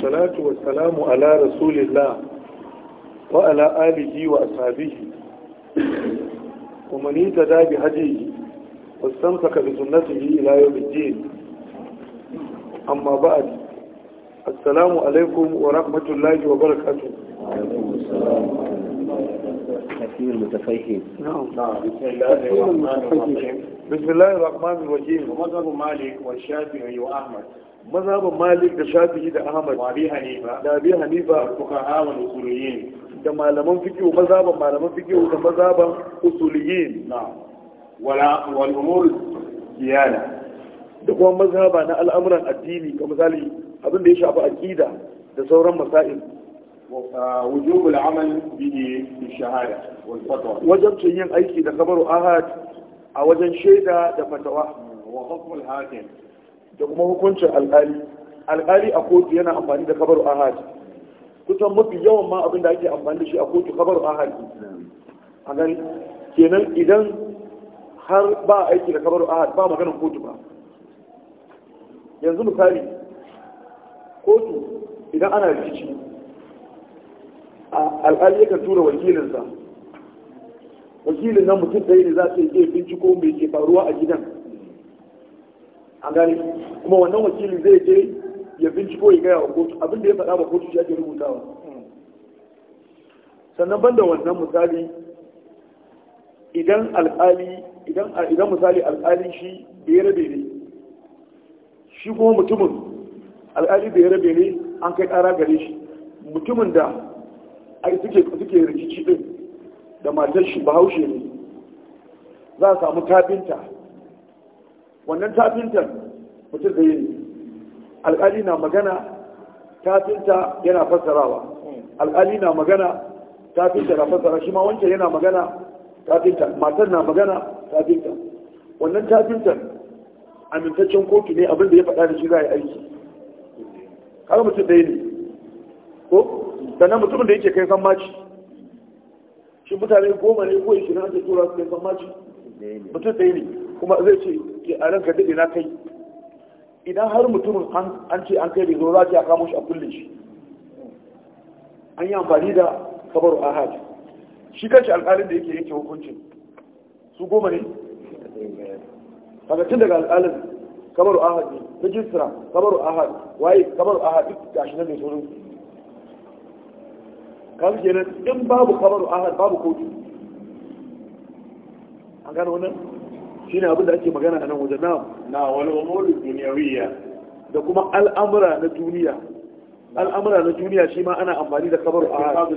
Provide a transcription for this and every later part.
Salatu wa salamu ala Rasulullah wa ala alihi wa asabihi, kuma ni ta dabi haji, wa san saka da sunatu yi ila yau amma ba a ji. alaikum wa rahmatullahi wa barakatu. بسم الله الرحمن الرحيم مذهب مالك والشافعي وأحمد مذهب مالك الشافعي واحمد أحمد وأبي حنيفة وابي أبي حنيفة الفقهاء والأصوليين كما معلمان فقه ومذهب معلمان فقه وده مذهب أصوليين نعم ولا والأمور ديانة da kuma mazhaba na al'amuran addini ga misali abin da ya shafi aqida da sauran masail wujubul amal bihi bi shahada wal fatwa wajibcin yin aiki da kabaru ahad a wajen shaida da fatawa wa hukumul hakim da kuma hukuncin alƙali alƙali a kotu yana amfani da kabaru ahad kusan mafi yawan ma abin da ake amfani da shi a kotu kabaru ahad a gani kenan idan har ba aiki da kabaru ahad ba maganin kotu ba yanzu misali kotu idan ana rikici alƙali yakan tura wakilinsa wakilin nan mutum ɗaya ne za su je binciko mai ke faruwa a gidan a gane kuma wannan wakilin zai je ya binciko ya gaya wa kotu abinda ya faɗa ba kotu shi ake rubutawa sannan banda wannan misali idan alƙali idan misali alƙali shi da ya rabe ne shi kuma mutumin alƙali da ya rabe ne an kai ƙara gare shi mutumin da suke suke rikici din da matar shi bahaushe ne za a samu tafinta wannan tafintan mutum da yin alƙali na magana tafinta yana fassarawa alƙali na magana tafinta na fassara shi ma wancan yana magana tafinta matar na magana tafinta wannan tafintan amintaccen kotu ne abinda ya faɗa da shi za a yi aiki kawai mutum da yin ko sannan mutumin da yake kai san maci shi mutane goma ne ko ishirin ake tura su kai mamaci mutum ɗaya ne kuma zai ce ke a ranka daɗe na kai idan har mutumin an ce an kai da zo za a kamo shi a kulle shi an yi amfani da kabaru ahad shi kanci alƙalin da yake yanke hukuncin su goma ne daga daga alƙalin kabaru ahad ne rajistra kabaru ahad waye kabaru ahad duk gashi na mai sauransu kasu kenan in babu kabaru ahad babu kotu an gano wannan shi abin da ake magana a nan wajen na na wani umuri duniyawiya da kuma al'amura na duniya al'amura na duniya shi ma ana amfani da kabaru ahad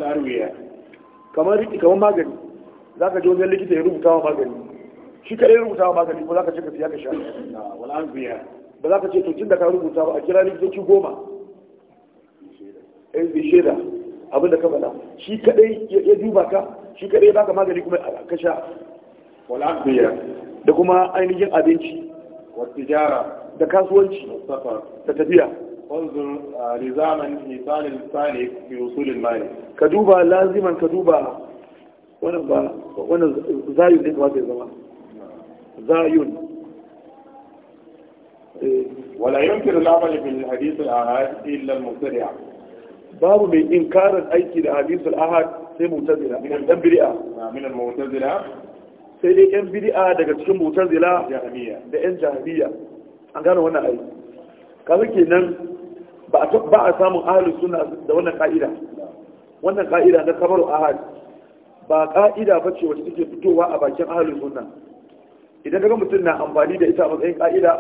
kamar kamar magani za ka ji wajen likita ya rubuta wa magani shi kaɗai rubuta wa magani ko za ka ce ka siya ka sha ba za ka ce to tun da ka rubuta ba a kira likitoci goma in bi shaida eh, abin da ka faɗa shi kaɗai ya duba ka shi kaɗai ya baka magani kuma ka sha wal afiya da kuma ainihin abinci wa tijara da kasuwanci da tafiya wanzur lizaman misalin Sani, bi usulil mali ka duba laziman ka duba wannan ba wannan zayun ne kamata ya zama zayun ولا يمكن العمل بالحديث الآهات إلا المبتدع babu mai inkarar aiki da hadisul ahad sai mutazila min dan bid'a min mutazila sai dai yan bid'a daga cikin mutazila da yan jahiliya an gano wannan aiki kaga kenan ba a ba a samun ahli sunna da wannan ka'ida wannan ka'ida na kabaru ahad ba ka'ida ba ce wacce take fitowa a bakin ahli sunna idan kaga mutum na amfani da ita a matsayin ka'ida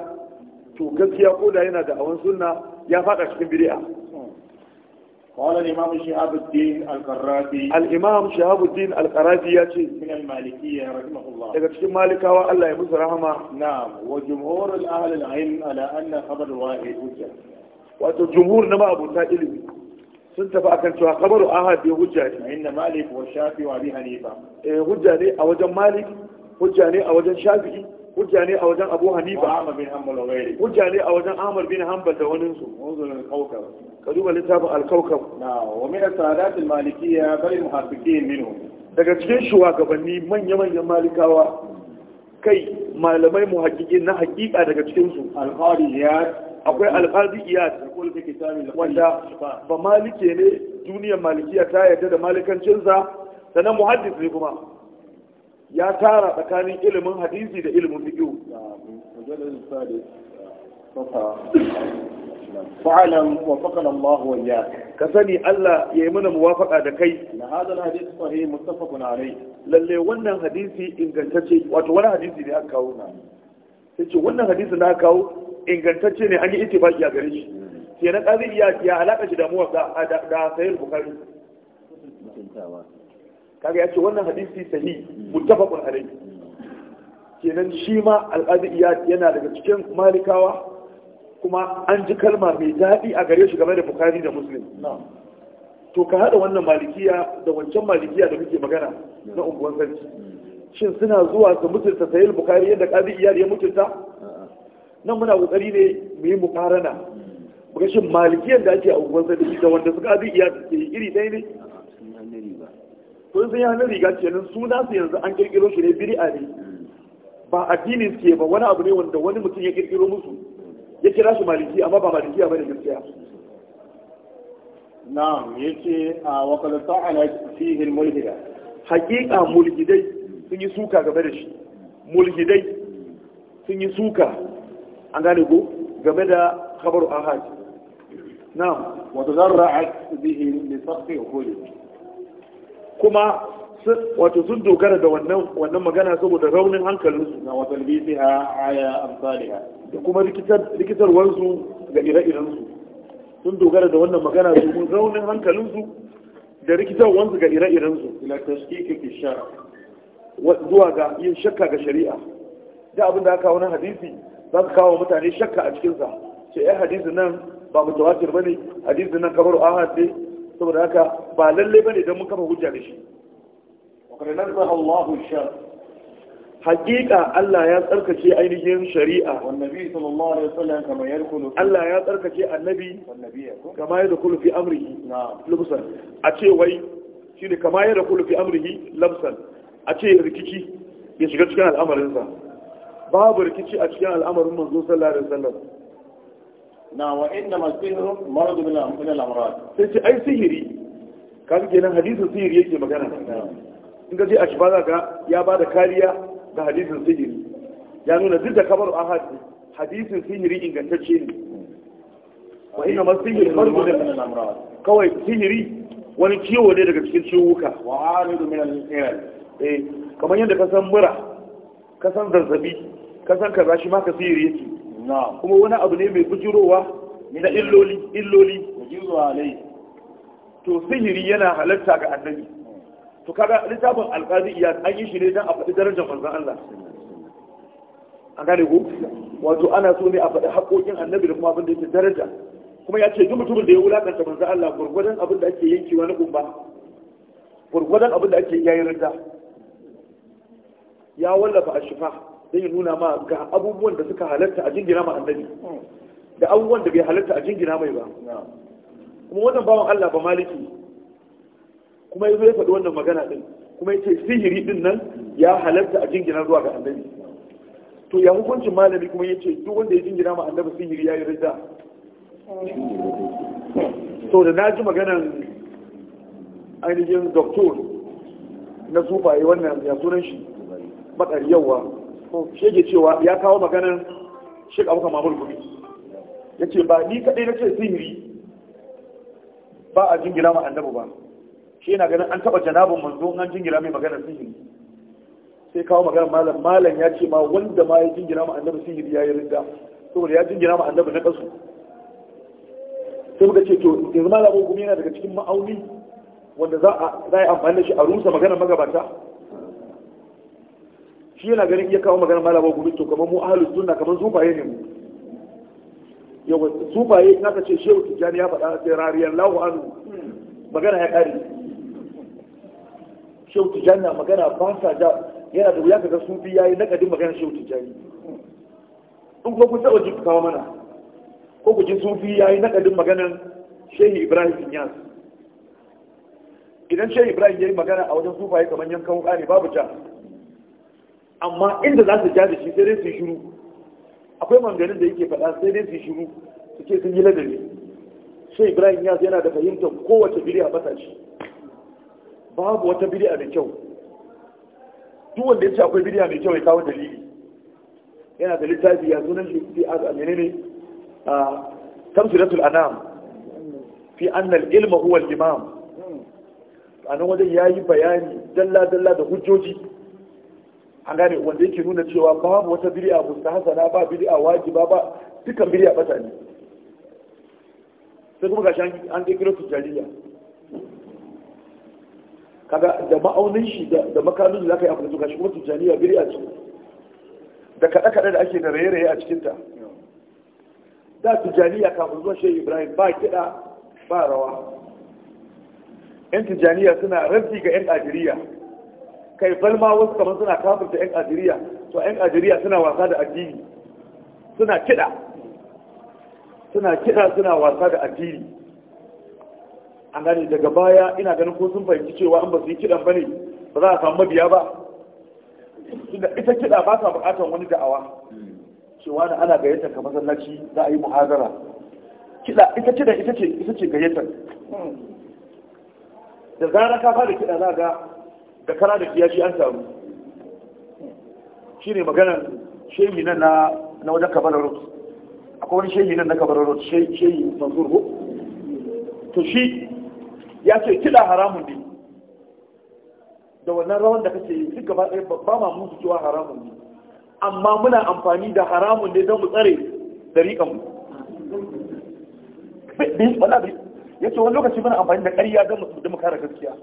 to gaskiya ko da yana da awan sunna ya fada cikin bid'a قال الإمام شهاب الدين القرافي الإمام شهاب الدين القرافي ياتي من المالكية رحمه الله إذا كنت مالكا والله يمس رحمه نعم وجمهور أهل العلم على أن خبر واحد وجه وأتو جمهور نما أبو تائل سنت فأكن شوها خبر أحد وجه إن مالك والشافي وأبي حنيفة وجه لي أوجه مالك وجه لي أوجه شافي hujja ne a wajen abu hanifa hujja ne a wajen amar bin hanbal da waninsu كذوب لتابع الكوكب ومن السادات المالكية بل المحافظين منه daga cikin shugabanni manya-manyan malikawa kai malamai mu hakiki na hakika daga cikinsu akwai alƙazi iyad wanda ba malike ne duniyar malikiya ta yarda da sa sannan muhaddis ne kuma ya tara tsakanin ilimin hadisi da ilimin fiƙi fa'alam wa Allah wa iyyak ka sani Allah yayi mana muwafaqa da kai na hadal hadith sahih muttafaqun alayh lalle wannan hadisi ingantacce wato wani hadisi ne aka kawo na sai wannan na kawo ingantacce ne an yi ittifaqi a gare shi sai na kazi iya ya alaka shi da muwafaqa da sahih bukhari kaga yace wannan hadisi sahih muttafaqun kenan ma al yana daga cikin malikawa kuma an ji kalma mai daɗi a gare shi game da bukari da muslim to ka haɗa wannan malikiya da wancan malikiya da muke magana na unguwan sarki shin suna zuwa su mutunta sayil bukari yadda ƙazi iyali ya mutunta nan muna ƙoƙari ne mu yi mukarana muka shin malikiyan da ake a unguwan sarki da wanda suka ƙazi iyali ke iri ɗaya ne to sun yi hannun riga suna su yanzu an ƙirƙiro shi ne bid'a ne mm. ba addinin su ke ba wani abu ne wanda wani mutum ya kirkiro musu yake kira shi maliki amma ba maliki ba ne gaskiya na'am yace a wa qad ta'ala fihi mulhida haqiqa mulhidai sun yi suka game da shi mulhidai sun yi suka an gane ko game da khabaru ahad na'am wa tadarra'at bihi li saqfi uquli kuma wato sun dogara da wannan magana saboda raunin hankalinsu na wasan a aya amsaliha da kuma rikitarwarsu ga ire-irensu sun dogara da wannan magana domin raunin hankalinsu da rikitarwarsu ga ire-irensu ila tashkiki fi shar zuwa ga yin shakka ga shari'a da abin da aka wani hadisi za ka kawo mutane shakka a cikinsa ce ai hadisi nan ba mutawatir bane hadisi nan kamar ahad ne saboda haka ba lalle bane dan mun kafa hujja da shi Hakika Allah ya tsarkace ainihin shari'a. Wannabi sallallahu alaihi wasallam kama ya dukulu. Allah ya tsarkace annabi. Kama ya dukulu fi amrihi. Lubsan. A ce wai shine kamar ya dukulu fi amrihi lubsan. A ce rikici ya shiga cikin al'amarinsa. Babu rikici a cikin al'amarin manzo sallallahu alaihi wasallam. Na wa inna masihu marad min al-amrad. Sai ai sihiri. Kan kenan hadisin sihiri yake magana. in ga je a shiba ga ya ba da kariya ga hadisin sihiri ya nuna duk da an ahad hadisin sihiri ingantacce ne wa ina ma sihiri farko da kawai sihiri wani ciwo ne daga cikin ciwuka wa aridu min al eh kamar yadda ka san mura ka san zazzabi ka san kaza shi ma ka sihiri yake kuma wani abu ne mai bujirowa na illoli illoli to sihiri yana halatta ga annabi to kaga littafin alƙadi iya an yi shi ne dan a faɗi darajar manzon Allah an gane ku wato ana so ne a faɗi haƙoƙin annabi da kuma abin da yake daraja kuma ya ce duk mutumin da ya wulakanta manzon Allah gurgurdan abin da ake yankewa na kumba gurgurdan abin da ake yayin rida ya wallafa a shifa don ya nuna ma ga abubuwan da suka halatta a jingina ma annabi da abubuwan da bai halatta a jingina mai ba kuma wannan bawan Allah ba maliki kuma yazo ya faɗi wannan magana ɗin, kuma ce sihiri ɗin nan ya halatta a jingina zuwa ga annabi to ya hukuncin malami kuma ce duk wanda ya jingina ma annabi sihiri yi rida to da na ji maganan ainihin doktor na sufaye wannan ya sunan shi bakar yawa shi yake cewa ya kawo maganan shek abuka mamul gumi ya ce ba ni kaɗai na ce sihiri ba a jingina ma annabi ba shi yana ganin an taba janabin manzo an jingira mai magana sihiri sai kawo magana malam malam ya ce ma wanda ma ya jingira ma annabi sihiri ya yi rinda saboda ya jingira ma annabi na kasu sai muka ce to yanzu malam gumi yana daga cikin ma'auni wanda za a za a amfani da shi a rusa magana magabata shi yana ganin iya kawo magana malam gumi to kamar mu ahlus sunna kamar zubaye ne mu yawa zubaye naka ce shehu tijjani ya faɗa sai rariyar lahu anhu magana ya ƙare shehu tijjani na magana ba sa ja yana da wuya kaga sufi ya yi nakadin magana shehu tijjani in ko ku taɓa ji kawo mana ko ku ji sufi ya yi nakadin maganan shehu ibrahim inyas idan shehu ibrahim ya yi magana a wajen sufaye kamar yankan wuka ne babu ja amma inda za su ja da shi sai dai su yi shiru akwai manganin da yake faɗa sai dai su yi shiru su ce sun yi ladabi shehu ibrahim inyas yana da fahimtar kowace biri a shi babu wata bid'a mai kyau duk wanda ya ci akwai bid'a mai kyau ya kawo dalili yana da littafi ya sunan shi a menene a tamsilatul anam fi anna al ilmu huwa al-imam anan wajen yayi bayani dalla dalla da hujjoji an gane wanda yake nuna cewa babu wata bid'a mustahsana ba bid'a wajiba ba dukkan bid'a bata ne sai kuma gashi an kirkiro jariya. kaga da ma'aunin shi da makamin da aka yi abu da shi kuma biri a ciki da kada kada da ake da raye-raye a cikinta. ta da tijaniya kafin zuwa shi ibrahim ba kiɗa ba rawa yan tijaniya suna rantsi ga yan ajiriya kai balma wasu kamar suna ta yan ajiriya to yan ajiriya suna wasa da addini suna kiɗa suna kiɗa suna wasa da addini an gane daga baya ina ganin ko sun fahimci cewa an ba su yi kiɗan ba ne ba za a samu mabiya ba tunda ita kiɗa ba ta buƙatar wani da'awa cewa da ana gayyatar ka masallaci za a yi muhazara kiɗa ita kiɗa ita ce ita ce gayyatar da zarar ka fara kiɗa za ga da kara da kiyashi an samu shine maganar shehi nan na na wajen Kabar rot akwai wani shehi nan na Kabar rot shehi mansur ko to shi ya ce kiɗa haramun ne da wannan rawan da kake yi duk gaba ɗaya ba ma mun cewa haramun ne amma muna amfani da haramun ne don mu tsare da riƙa mu ya ce wani lokaci muna amfani da ƙarya don mu mu kare gaskiya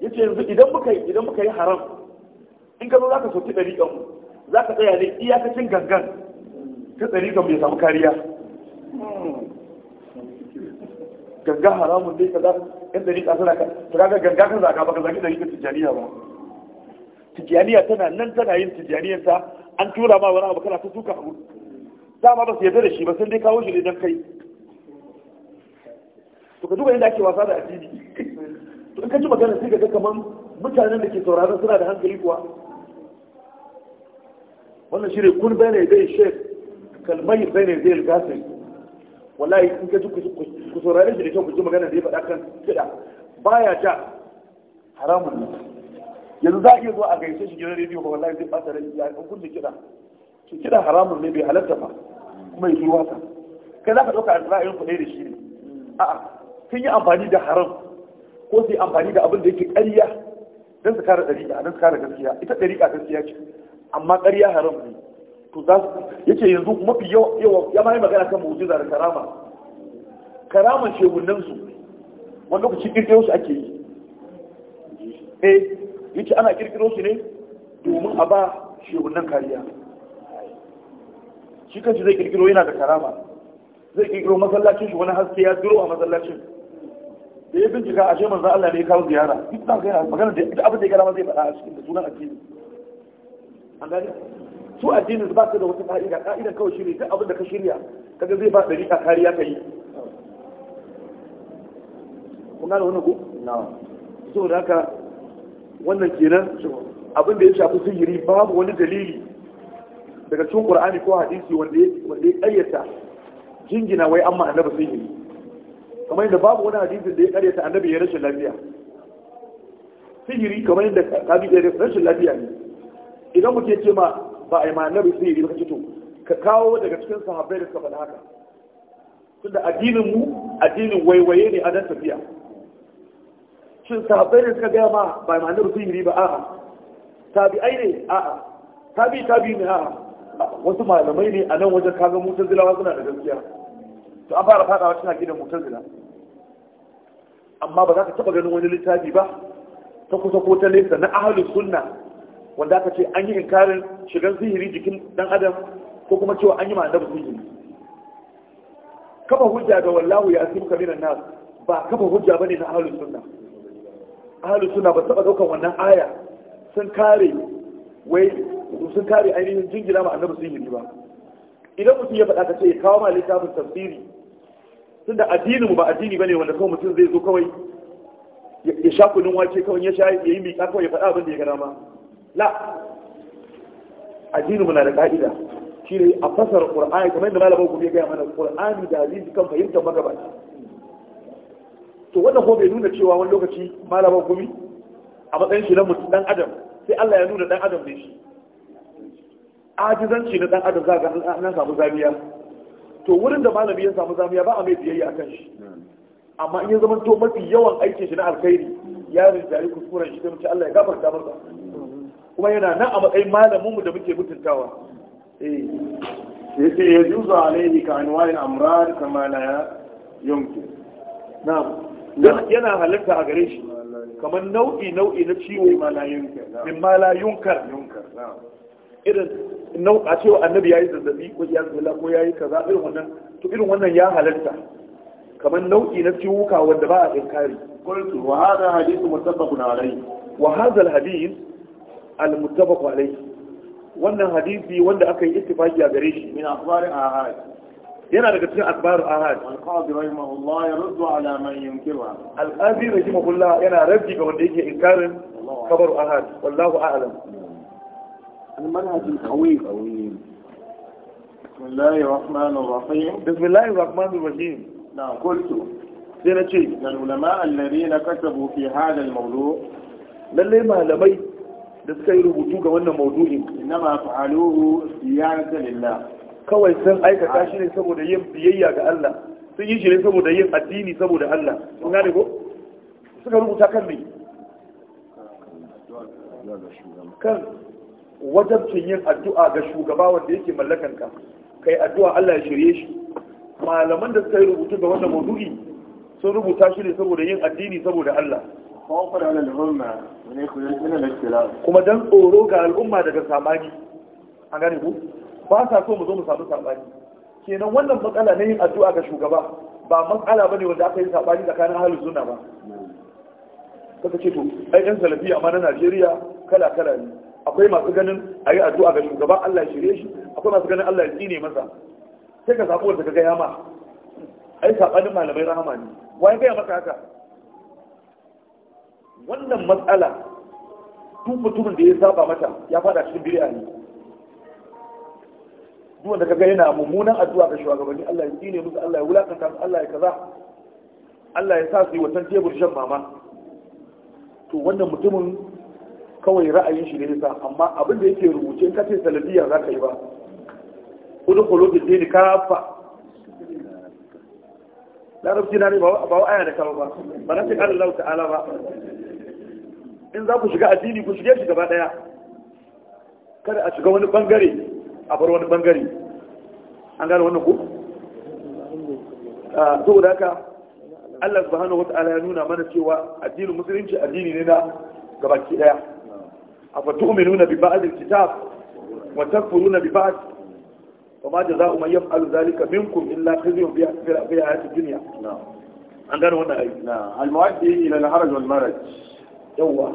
ya ce yanzu idan muka yi idan muka yi haram in ka zo za ka soki riƙa mu za ka tsaya ne iyakacin gangan ta ɗariƙan mu ya samu kariya ganga haramun dai kaza da ni ka suna ka ga ganga kan zaka ba ka zaki da ka tijaniya ba tijaniya tana nan tana yin ta an tura ma wani abu kana ta tuka abu dama ba su yarda da shi ba sai dai kawo shi ne don kai to ka duba inda ake wasa da addini to in ka ji magana sai ka ga kamar mutanen da ke sauraron suna da hankali kuwa wannan shi ne kun bane dai shek kalmai bane zai gasai wallahi in ka ji ku saurare shi da kyau ku ji magana da ya faɗa kan kiɗa baya ja haramun ne yanzu za a iya zo a gaishe shi gidan rediyo ba wallahi zai fata rai ya yi kunje kiɗa to kiɗa haramun ne bai halatta ba kuma ya zuwa ta kai za ka ɗauka ra'ayin ku ɗaya da shi ne a'a sun yi amfani da haram ko su yi amfani da abin da yake ƙarya don su kare ɗariƙa don su kare gaskiya ita ɗariƙa gaskiya ce amma ƙarya haram ne to za su yace yanzu mafi yawa ya ma yi magana kan mu'jiza da karama ce wannan su wani lokaci kirkiro su ake yi eh yace ana kirkiro su ne domin a ba wannan kariya shi kanci zai kirkiro yana da karama zai kirkiro masallacin shi wani haske ya duro a masallacin da ya bincika a sheman za Allah ne ya kawo ziyara duk za ka yana magana da abin da ya gara ma zai faɗa a cikin da sunan addini an gani su addinin ba su da wata ka'ida ka'idan kawai shirya duk abin da ka shirya kaga zai ba ɗari a kariya ka yi kuma gane wannan ku? so da haka wannan kenan abin da ya shafi sihiri babu wani dalili daga cikin qur'ani ko hadisi wanda ya ƙayyata jingina wai amma annabi sihiri kamar yadda babu wani hadisin da ya ƙaryata annabi ya rashin lafiya sihiri kamar yadda kabi ya rashin lafiya ne idan muke ce ma ba a yi ma annabi sai yi kace to ka kawo daga cikin sahabbai da suka haka tunda addinin mu addinin waiwaye ne a dan tafiya shin sahabbai da suka gaya ma ba a yi ma annabi sai yi ba a'a ai ne a'a tabi tabi ne a'a wasu malamai ne a nan wajen kaga mutazilawa suna da gaskiya to an fara fadawa suna gidan mutazila amma ba za ka taba ganin wani littafi ba ta kusa ko ta nesa na ahalus sunna wanda aka ce an yi inkarin shigan sihiri jikin dan adam ko kuma cewa an yi ma annabi zihiri Kama hujja ga wallahu ya asimu kabiran nas ba kama hujja bane na ahlus sunna ahlus sunna ba saba daukan wannan aya sun kare wai sun kare ainihin jingira ma annabi zihiri ba idan mutum ya faɗa ka ce ya kawo ma littafin tafsiri tunda addini mu ba addini bane wanda kawai mutum zai zo kawai ya sha kunun wace kawai ya sha ya yi miƙa kawai ya faɗa abin da ya ga dama la addinin mu na da ka'ida shi ne a fasar ƙur'ani kamar yadda malamin ku ya gaya mana ƙur'ani da hadisi kan fahimtar magabaci to wannan kuma bai nuna cewa wani lokaci malamin gumi a matsayin shi na mutum dan adam sai Allah ya nuna dan adam ne shi ajizanci na dan adam za ga nan samu zamiya to wurin da malami ya samu zamiya ba a mai biyayya akan shi amma in ya zama to mafi yawan aikin shi na alkhairi ya rinjari kuskuren shi da mace Allah ya gafarta masa kuma yana nan a matsayin malamin mu da muke mutuntawa eh ya juzu alaihi ka anwa'il amrar kama la yumkin na'am yana halitta a gare shi kamar nau'i nau'i na ciwo min ma la yunkar irin nau'a cewa annabi yayi zazzabi ko ya zalla ko yayi kaza irin wannan to irin wannan ya halitta kamar nau'i na ciwuka wanda ba a inkari qultu wa hadha hadithu muttafaqun alayhi wa hadha alhadith al-muttafaq wannan hadisi wanda aka yi ittifaqi a gare shi min akhbar ahad yana daga cikin akhbar ahad al-qadi rahimahullah yaruddu ala man yunkiruha al-qadi rahimahullah yana raddi ga wanda yake inkarin kabar ahad wallahu a'lam المنهج القوي بسم الله الرحمن الرحيم بسم الله الرحمن الرحيم نعم قلت سنة شيء العلماء الذين كتبوا في هذا الموضوع للي ما malamai. da suka yi rubutu ga wannan inna ma fa'aluhu ziyarata lillah kawai sun aikata shi ne saboda yin biyayya ga Allah sun yi shi ne saboda yin addini saboda Allah kun gane ko suka rubuta kan me kan wajabcin yin addu'a ga shugaba wanda yake mallakan ka kai addu'a Allah ya shirye shi malaman da suka yi rubutu ga wannan maudu'i sun rubuta shi ne saboda yin addini saboda Allah kuma don tsoro ga al'umma daga samani a gane ku ba sa so mu zo mu samu samani kenan wannan matsala na yin addu'a ga shugaba ba matsala bane wanda aka yi sabani tsakanin ahlus sunna ba kaka ce to ai yan salafi amma na Najeriya kala kala ne akwai masu ganin a yi addu'a ga shugaba Allah shirye shi akwai masu ganin Allah ya tsine masa sai ka zaɓo wanda ka gaya ma. ai sabanin malamai rahama ne wani gaya masa haka wannan matsala duk mutumin da ya saba mata ya fada cikin a ne duk wanda kaga yana mummunan addu'a ga shugabanni Allah ya tsine musu Allah ya wulakanta su Allah ya kaza Allah ya sa su yi watan tebur shan mama to wannan mutumin kawai ra'ayin shi ne ya sa, amma abin da yake rubuce in ka ce salafiya za ka yi ba udkhulu fi dini kafa larabci na ne ba wa aya da kama ba ba na ce Allah ala ba in za ku shiga addini ku shige shi gaba daya kada a shiga wani bangare a bar wani bangare an gane wannan ku ah, saboda haka Allah subhanahu wata'ala ya nuna mana cewa addinin musulunci addini ne na gabaki daya afa tu'minuna bi ba'd al-kitab wa takfuruna bi ba'd وما جزاء من يفعل ذلك منكم إلا خزي في حياة الدنيا نعم عندنا هنا أي نعم المؤدي إلى الحرج والمرج yawwa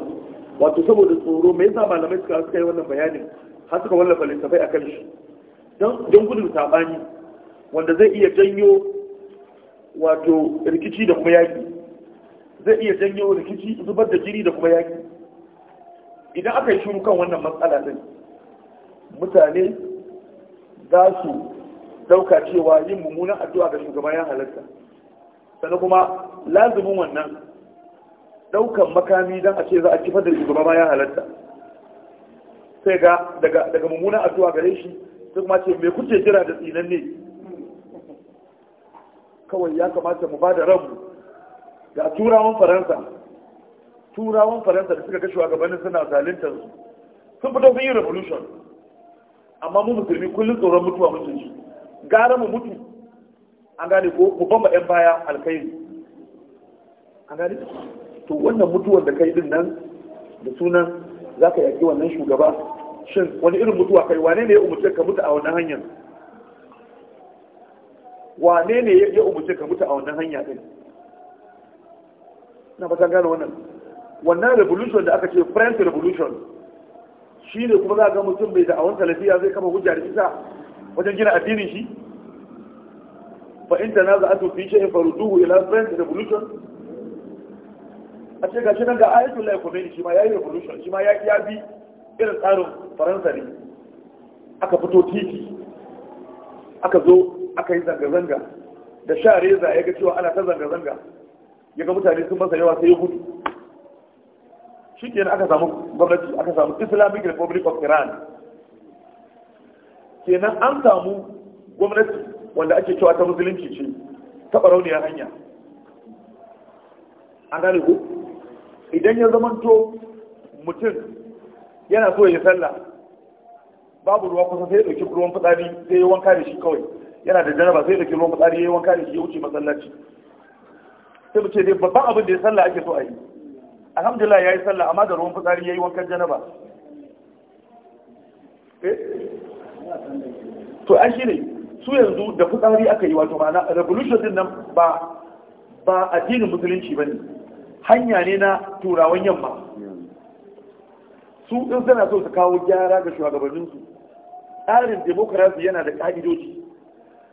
wato saboda tsoro me yasa malamai suka suka yi wannan bayanin har suka wallafa littafai kan shi don gudun sabani wanda zai iya janyo wato rikici da kuma yaki zai iya janyo rikici zubar da jiri da kuma yaki idan aka yi shiru kan wannan matsala din mutane za su dauka cewa yin mummunan addu'a ga shugaba ya halarta sannan kuma lazumin wannan daukan makami don a ce za a kifar da shugaba ma ya halatta sai ga daga a zuwa gare shi sai kuma ce me kuke jira da tsinan ne kawai ya kamata mu bada rabu ga turawan faransa turawan faransa da suka ga gabanin suna zaluntar su sun fito sun yi revolution amma mu musulmi kullum tsoron mutuwa mutum shi gara mu mutu an gane ko mu bamba 'yan baya alkhairi an gane to wannan mutuwar da kai din nan da sunan za ka yaƙi wannan shugaba shin wani irin mutuwa kai wane ne ya umarce ka mutu a wannan hanyar wane ne ya umarce ka mutu a wannan hanya din na fatan gane wannan wannan revolution da aka ce french revolution shi ne kuma za ga mutum mai da'awar talafiya zai kama hujja da isa wajen gina addinin shi na a in tanaza'atu fi faru-duhu ila french revolution a ce gashi nan ga ayatul lai komeni shi ma yayi revolution shi ma ya ya bi irin tsarin faransa ne aka fito titi aka zo aka yi zanga-zanga da sha reza ya ga cewa ana ta zanga-zanga ya ga mutane sun masa yawa sai ya gudu shi kenan aka samu gwamnati aka samu islamic republic of iran kenan an samu gwamnati wanda ake cewa ta musulunci ce ta barauniyar hanya an gane ku idan ya zamanto mutum yana so ya sallah babu ruwa kusa sai ya ɗauki ruwan fitsari sai ya wanka da shi kawai yana da janaba sai ya ɗauki ruwan fitsari ya wanka da shi ya wuce masallaci sai mu ce dai babban abin da ya sallah ake so a yi alhamdulillah ya yi sallah amma da ruwan fitsari ya yi wankan janaba eh? to an shi ne su yanzu da fitsari aka yi wato ma'ana revolution din nan ba ba addinin musulunci ba ne hanya ne na turawan yamma su in suna so su kawo gyara ga shugabanninsu tsarin demokarasi yana da ƙa'idoji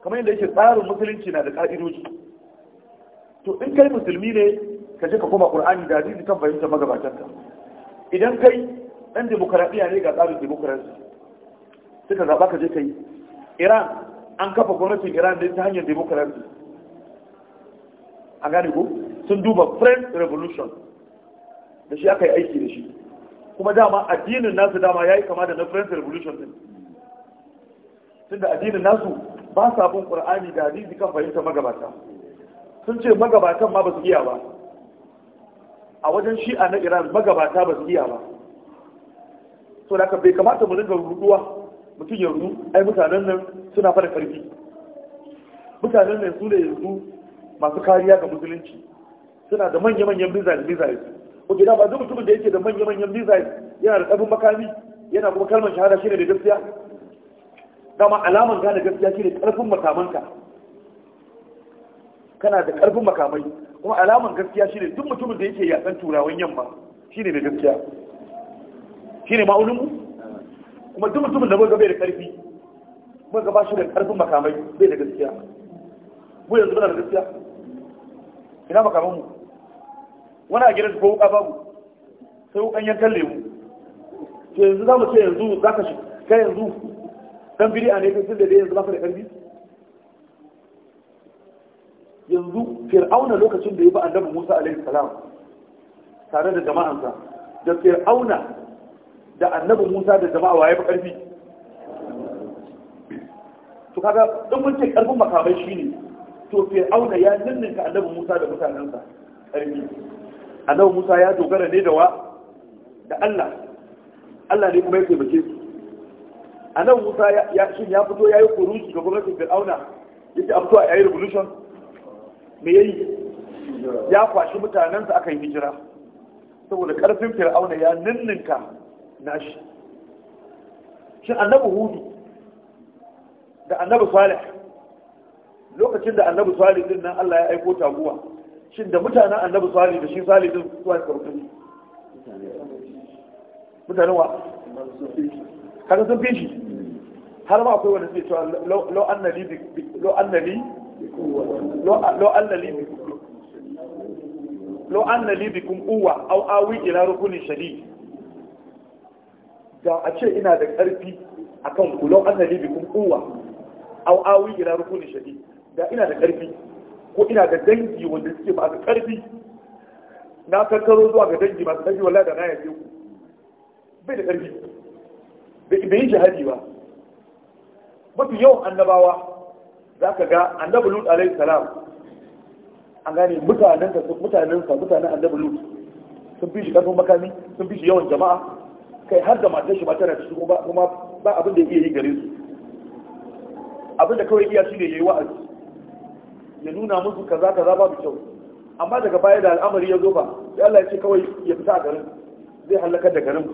kamar yadda yake tsarin musulunci na da ƙa'idoji to in kai musulmi ne ka je ka koma ƙur'ani da hadisi kan fahimta magabatanka idan kai ɗan demokaradiyya ne ga tsarin demokarasi suka zaɓa ka je ka yi iran an kafa gwamnatin iran ne ta hanyar demokarasi A gane ko sun duba french revolution da shi aka yi aiki da shi kuma dama addinin nasu dama ya yi kama da na french revolution din tunda addinin nasu ba sa bin qur'ani da hadisi kan fahimta magabata sun ce magabatan ma ba su iya ba a wajen shi'a na iran magabata ba su iya ba so da bai kamata mu dinga ruduwa mutum ya rudu ai mutanen nan suna fara karfi mutanen nan su ne yanzu masu kariya ga musulunci suna da manya-manyan missiles missiles ok ba duk mutumin da yake da manya-manyan missiles yana da tsabin makami yana kuma kalmar shahada shine da gaskiya dama alaman gane gaskiya shine karfin makamanka kana da karfin makamai kuma alaman gaskiya shine duk mutumin da yake yakan turawan yamma shine da gaskiya shine ma'ulunmu kuma duk mutumin da muka bai da karfi muka ba shi da karfin makamai bai da gaskiya mu yanzu muna da gaskiya ina makamanmu wani a gidan ko wuka babu sai wukan yankan lemu ke yanzu za mu ce yanzu za ka shi kai yanzu dan bid'a ne kai da dai yanzu ba ka da karfi yanzu fir'auna lokacin da ya bi annabi Musa alaihi salam tare da jama'ansa da fir'auna da annabi Musa da jama'a waye fi karfi to kaga in mun ce karfin makamai shine to fir'auna ya ninninka annabi Musa da mutanensa karfi annabi Musa ya dogara ne da wa da Allah Allah ne kuma ya taimake su annabi Musa ya shin ya fito yayi kuruci ga gwamnatin Fir'auna yace a a yayi revolution me yayi ya kwashi mutanensa aka yi hijira saboda karfin Fir'auna ya ninninka nashi shin annabi Hudu da annabi Salih lokacin da annabi Salih din nan Allah ya aiko taguwa shin da mutanen annabi salih da shi salih din zuwa ya karfi mutanen wa kaga sun fi shi har ma akwai wani suke cewa lo annali lo annali lo lo uwa aw awi ila rukunin shadid da a ce ina da karfi akan ku lo annali kun uwa aw awi ila rukunin shadid da ina da karfi ko ina da dangi wanda suke masu ƙarfi na tattaro zuwa ga dangi masu karfi wallahi da na yaje ku bai da ƙarfi bai yi jihadi ba mafi yawan annabawa za ka ga annabi lut alayhi salam an gane mutanen ka mutanen sa mutanen annabi lut sun bi shi karfin makami sun bi shi yawan jama'a kai har da matar shi ba tana cikin kuma ba abin da iya yi gare su abin da kawai iya shi ne yayi wa'azi ya nuna musu kaza kaza babu kyau amma daga baya da al'amari ya zo ba sai Allah ya ce kawai ya fita a garin zai halaka da garin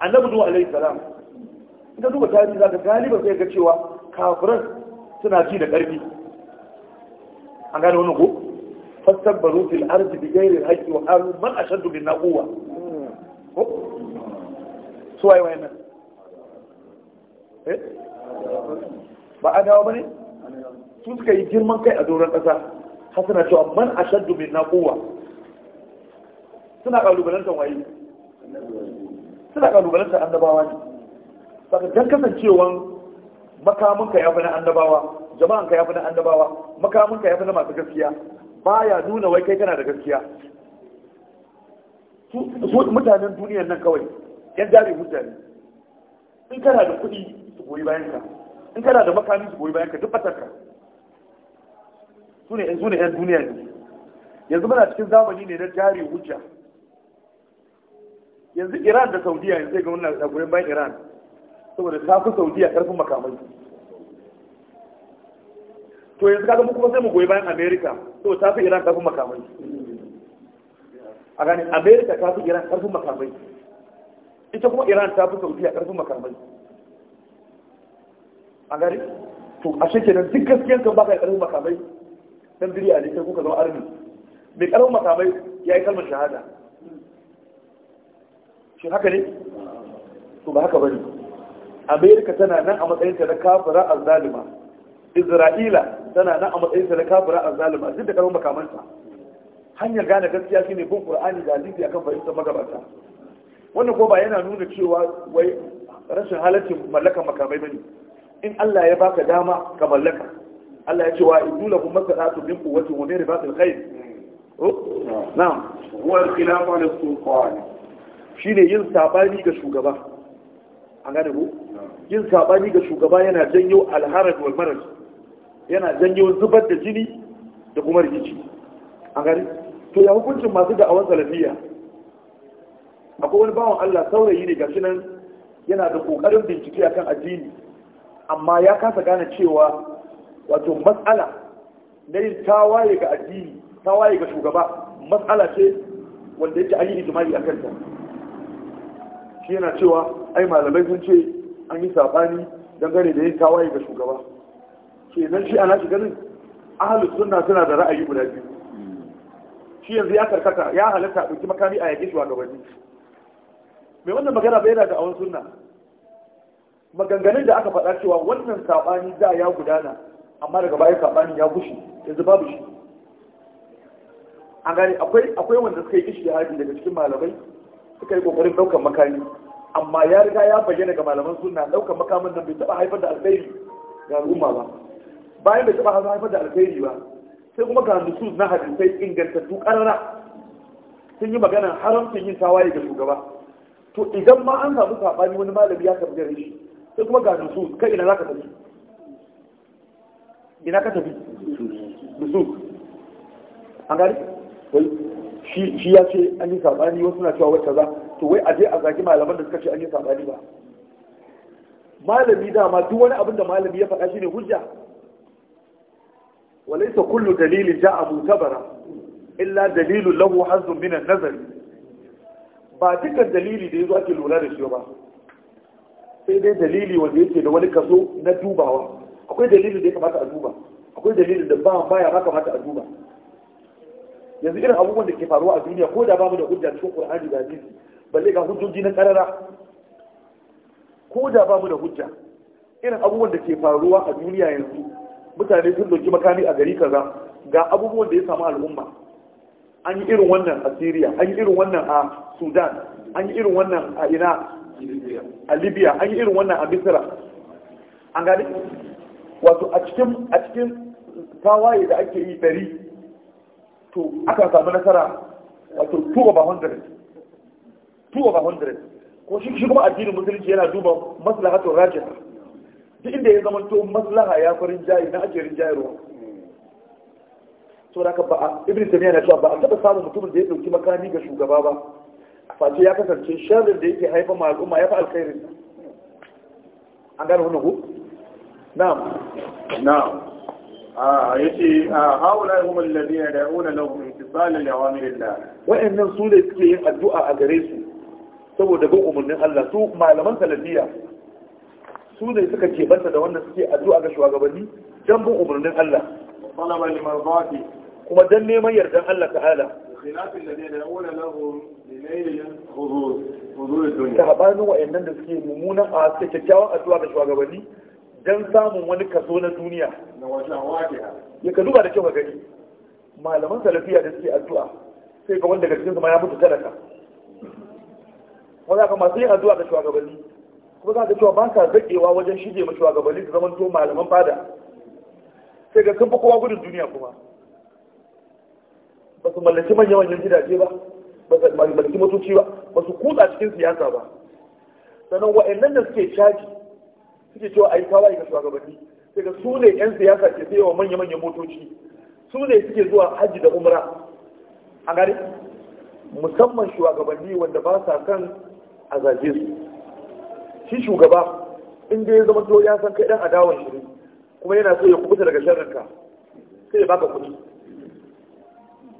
annabi nuhu alaihi salam in ka duba tarihi zaka galiba sai ga cewa kafiran suna ji da ƙarfi an gane wani ko fastabaru fil ardi bi ghairi al wa qalu man ashaddu bin quwwa ko su waye waye nan eh ba adawa bane su suka yi girman kai a doron ƙasa har suna cewa man a shan min na kowa suna kalubalantar waye suna kalubalantar annabawa ne saka don kasancewan makamunka ya fi na annabawa jama'anka ya fi na annabawa makamunka ya fi na masu gaskiya baya nuna wai kai kana da gaskiya mutanen duniyar nan kawai yan jari mutane. in kana da kuɗi su goyi bayan ka in kana da makami su goyi bayan ka duk fatarka su ne yan duniya ne yanzu muna cikin zamani ne na jari hujja yanzu iran da saudiya yanzu ga wannan goyon bayan iran saboda ta fi saudiya karfin makamai to yanzu kaga mu kuma sai mu goyi bayan america saboda ta fi iran karfin makamai a gani america ta fi iran karfin makamai ita kuma iran ta fi saudiya karfin makamai a gani to a shekarar duk gaskiyar kan baka karfin makamai dan biri a ne sai kuka zama arni mai karamin makamai ya yi kalmar shahada shi haka ne to ba haka bane amerika tana nan a matsayin ta na kafira azzalima isra'ila tana nan a matsayin ta na kafira azzalima duk da karamin makamanta hanyar gane gaskiya shine bin qur'ani da hadisi akan fahimtar magabata wannan ko ba yana nuna cewa wai rashin halaccin mallakar makamai bane in Allah ya baka dama ka mallaka Allah ya ce wa idu lahu masalatu min quwwatin wa min ribatil khayr oh, na'am wa khilafu ala sultan shine yin sabani ga shugaba an gane ko yin sabani ga shugaba yana janyo alharaj wal maraj yana janyo zubar da jini da kuma rikici an gane to ya hukuncin masu awan salafiya akwai wani bawan Allah saurayi ne gashi nan yana da kokarin bincike akan addini amma ya kasa gane cewa wato matsala na yin tawaye ga addini tawaye ga shugaba matsala ce wanda yake ayi jima'i a kanta shi yana cewa ai malamai sun ce an yi sabani dangane da yin tawaye ga shugaba ke nan shi ana ganin ahalu suna suna da ra'ayi guda biyu shi yanzu ya karkata ya halatta ɗauki makami a yaƙi shugabanni mai wannan magana bai yana da awon suna. maganganun da aka faɗa cewa wannan saɓani da ya gudana amma daga baya sabanin ya gushi ya zuba shi an gani, akwai akwai wanda suka yi haji daga cikin malamai suka yi kokarin daukar makami amma ya riga ya bayyana ga malaman suna daukar makamin nan bai taba haifar da alkhairi ga al'umma ba bayan bai taba haifar da alkhairi ba sai kuma ga nusus na hadisai ingantattu karara sun yi magana haramcin yin tawaye ga shugaba to idan ma an samu sabani wani malami ya da shi sai kuma ga nusus kai ina zaka tafi ina ka tafi nusu an gari shi ya ce an yi sabani wasu na cewa wai za, to wai a je a zaki malaman da suka ce an yi sabani ba malami dama duk wani abin da malami ya faɗa shine hujja walaysa kullu dalilin ja'a mutabara illa dalilun lahu hazzun min an-nazar ba dukkan dalili da yazo ake lura da shi ba sai dai dalili wanda yake da wani kaso na dubawa akwai dalilin da ya kamata a duba akwai dalilin da ba baya ba kamata a duba yanzu irin abubuwan da ke faruwa a duniya ko da ba mu da hujja cikin Qur'ani da hadisi balle ga hujjoji na karara ko da ba mu da hujja irin abubuwan da ke faruwa a duniya yanzu mutane sun doki makami a gari kaza ga abubuwan da ya samu al'umma an yi irin wannan a Syria an yi irin wannan a Sudan an yi irin wannan a ina a Libya an yi irin wannan a Misira an gani wato a cikin a cikin tawaye da ake yi dari, to aka samu nasara wato 2 over 100 2 over 100 ko shi kuma addinin musulunci yana duba maslahatun rajin duk inda ya zamanto maslaha ya farin jayi na ake ruwa. to da ba a ibn tamiya na cewa ba a taɓa samun mutumin da ya ɗauki makami ga shugaba ba face ya kasance sharrin da yake haifa ma al'umma ya fi alkhairin an gane wannan ko na'am na'am ah, yace ah, haula hum alladhina da'una lahum imtisalan li awamirillah wa'annan su ne suke yin addu'a a gare su saboda bin umarnin Allah su malaman talabiya su ne suka kebanta da wannan suke addu'a ga shugabanni don bin umarnin Allah kuma don neman yardan Allah ta'ala khilaf alladhina ya'una lahum lilayl huzur huzur ad-dunya tabanin wa'annan da suke mummunan a ah, suke kyakkyawan addu'a ga shugabanni don samun wani kaso na duniya ya ka duba da kyau ka gani malaman salafiya da suke addu'a sai ga wanda cikin su ma ya mutu talaka wanda ka masu yin addu'a ga shugabanni kuma za ka cewa ba sa zaƙewa wajen shige ma shugabanni su zaman to malaman fada sai ga sun fi kowa gudun duniya kuma ba su mallaki manya-manyan gidaje ba ba su mallaki motoci ba ba su kutsa cikin siyasa ba sannan wa'annan da suke caji suke cewa a yi tawaye ga shugabanni daga su ne 'yan siyasa ke sai wa manya-manyan motoci su ne suke zuwa hajji da umra a gari musamman shugabanni wanda ba sa kan a zaje su shi shugaba in dai ya zama to ya san kai dan adawan shi kuma yana so ya kubuta daga sharrinka sai ya baka kuɗi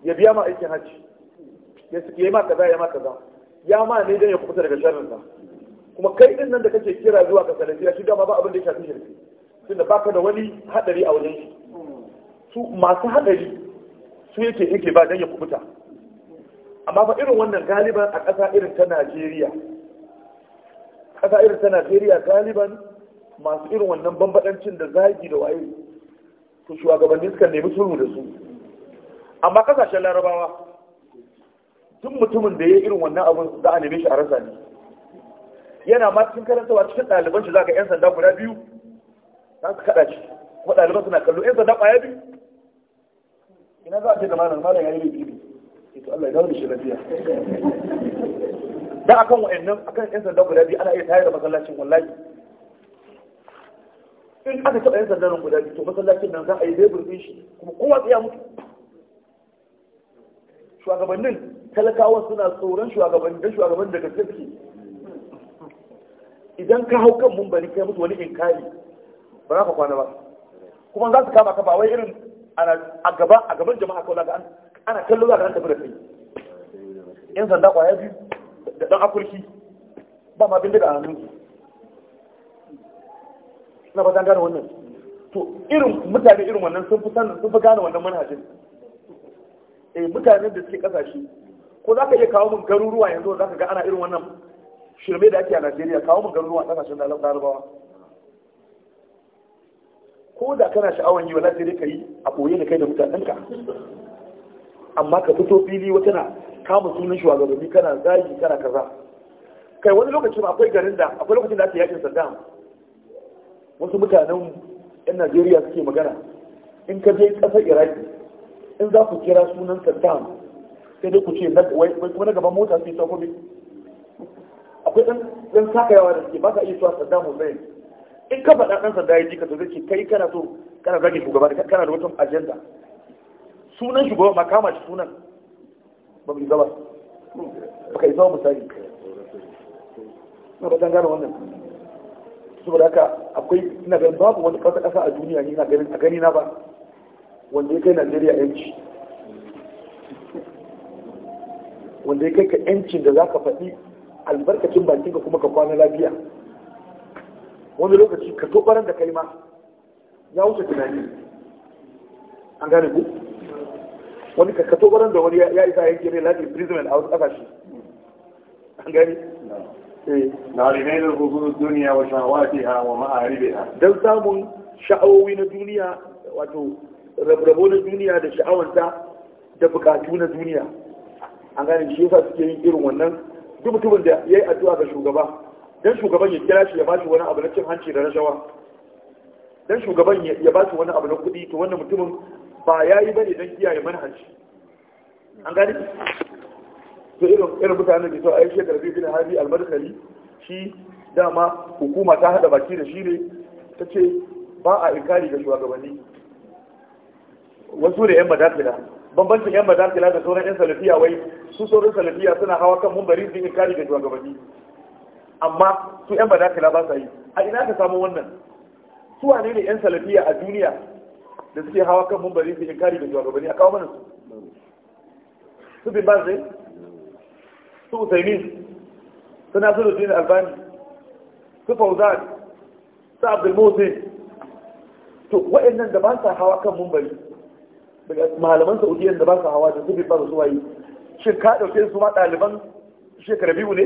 ya biya ma aikin hajji ya suke yi ma kaza ya ma kaza ya ma ne dan ya kubuta daga sharrinka kuma kai din nan da kake kira zuwa ga salafiya shi dama ba abin da ya shafi shirki tunda baka da wani hadari a wajen shi su masu hadari su yake yake ba dan ya kubuta amma fa irin wannan galiban a ƙasa irin ta Najeriya ƙasa irin ta Najeriya galiban masu irin wannan bambadancin da zagi da waye to shugabanni suka nemi sulhu da su amma kasashen larabawa duk mutumin da ya irin wannan abin za a neme shi a rasa ne yana ma cikin wa cikin ɗaliban shi za ka yan sanda guda biyu za ka kaɗa shi kuma ɗaliban suna kallo yan sanda ƙwaya biyu ina za a ce zama malam malam ya yi laifi ne to Allah ya dawo da shi lafiya Da akan wa'annan akan yan sanda guda biyu ana iya tayar da masallacin wallahi in aka taɓa yan sanda nan guda biyu to masallacin nan za a yi lebur ɗin shi kuma kowa tsaya mutu shugabannin talakawa suna tsoron shugabannin shugabannin daga gaske idan ka hau kan mumbari kai musu wani inkari ba za ka kwana ba kuma za su kama ka ba wai irin a gaba a gaban jama'a kawai ga ana kallo za ka nan tafi da kai yan sanda kwaya biyu da dan akurki ba ma bindiga a hannun na ba gane wannan to irin mutane irin wannan sun fi sanin sun fi gane wannan manhajin eh mutanen da suke kasashe ko za ka iya kawo mun garuruwa yanzu za ka ga ana irin wannan shirme da ake a najeriya kawo mun garuruwa kasashen dalar larabawa ko da kana sha'awar yi wa najeriya ka yi a koyi da kai da mutanenka amma ka fito fili wata na kama sunan shugabanni kana zagi kana kaza kai wani lokacin akwai garin da akwai lokacin da ake yakin saddam wasu mutanen yan najeriya suke magana in ka je ƙasar iraki in za ku kira sunan saddam sai dai ku ce wai kuma na gaban mota sai ta akwai dan sakayawa da suke ba ka iya cewa Saddam musayin in ka faɗa ɗan sanda ya ji ka to zai kai kana so kana zage shugaba da kana da wata ajenda sunan shugaban ma kama shi sunan ba mu zaba ba ka isa misali na ba dan gane wannan saboda haka akwai ina ganin babu wani kasa kasa a duniya ne ina ganin a gani na ba wanda ya kai Najeriya yanci wanda ya kai ka yancin da za ka faɗi albarkacin bakin ka kuma ka kwana lafiya wani lokaci ka tobaran da kai ma ya wuce tunani an gane ku wani ka tobaran da wani ya isa yanke ne lafi imprisonment a wasu kasashe an gane eh. na rinai da hukumar duniya wa ha wa ha don samun sha'awowi na duniya wato rabrabo na duniya da sha'awanta da bukatu na duniya an gane shi yasa suke yin irin wannan duk mutumin da ya yi addu'a ga shugaba don shugaban ya kira shi ya ba shi wani abu na cin hanci da rashawa don shugaban ya ba shi wani abu na kuɗi to wannan mutumin ba ya yi bane don kiyaye manhaji an gani to irin irin mutanen da to ai da rabi bin hadi al-madkhali shi dama hukuma ta hada baki da shi ne ta ce ba a inkari ga shugabanni wasu da yan madafila bambancin yan madakila da sauran yan salafiya wai su sauran salafiya suna hawa kan mumbari su yi kari ga shugabanni amma su yan madakila ba sa yi a ina ka samu wannan su wane ne yan salafiya a duniya da suke hawa kan mumbari su yi kari ga shugabanni a kawo mana su su bin bazai su usaini su nasiruddin albani su fauzan su abdulmose to wa'annan da ba sa hawa kan mumbari daga malaman saudiyan da ba su hawa da zubi ba su waye shin ka ɗauke su ma ɗaliban shekara biyu ne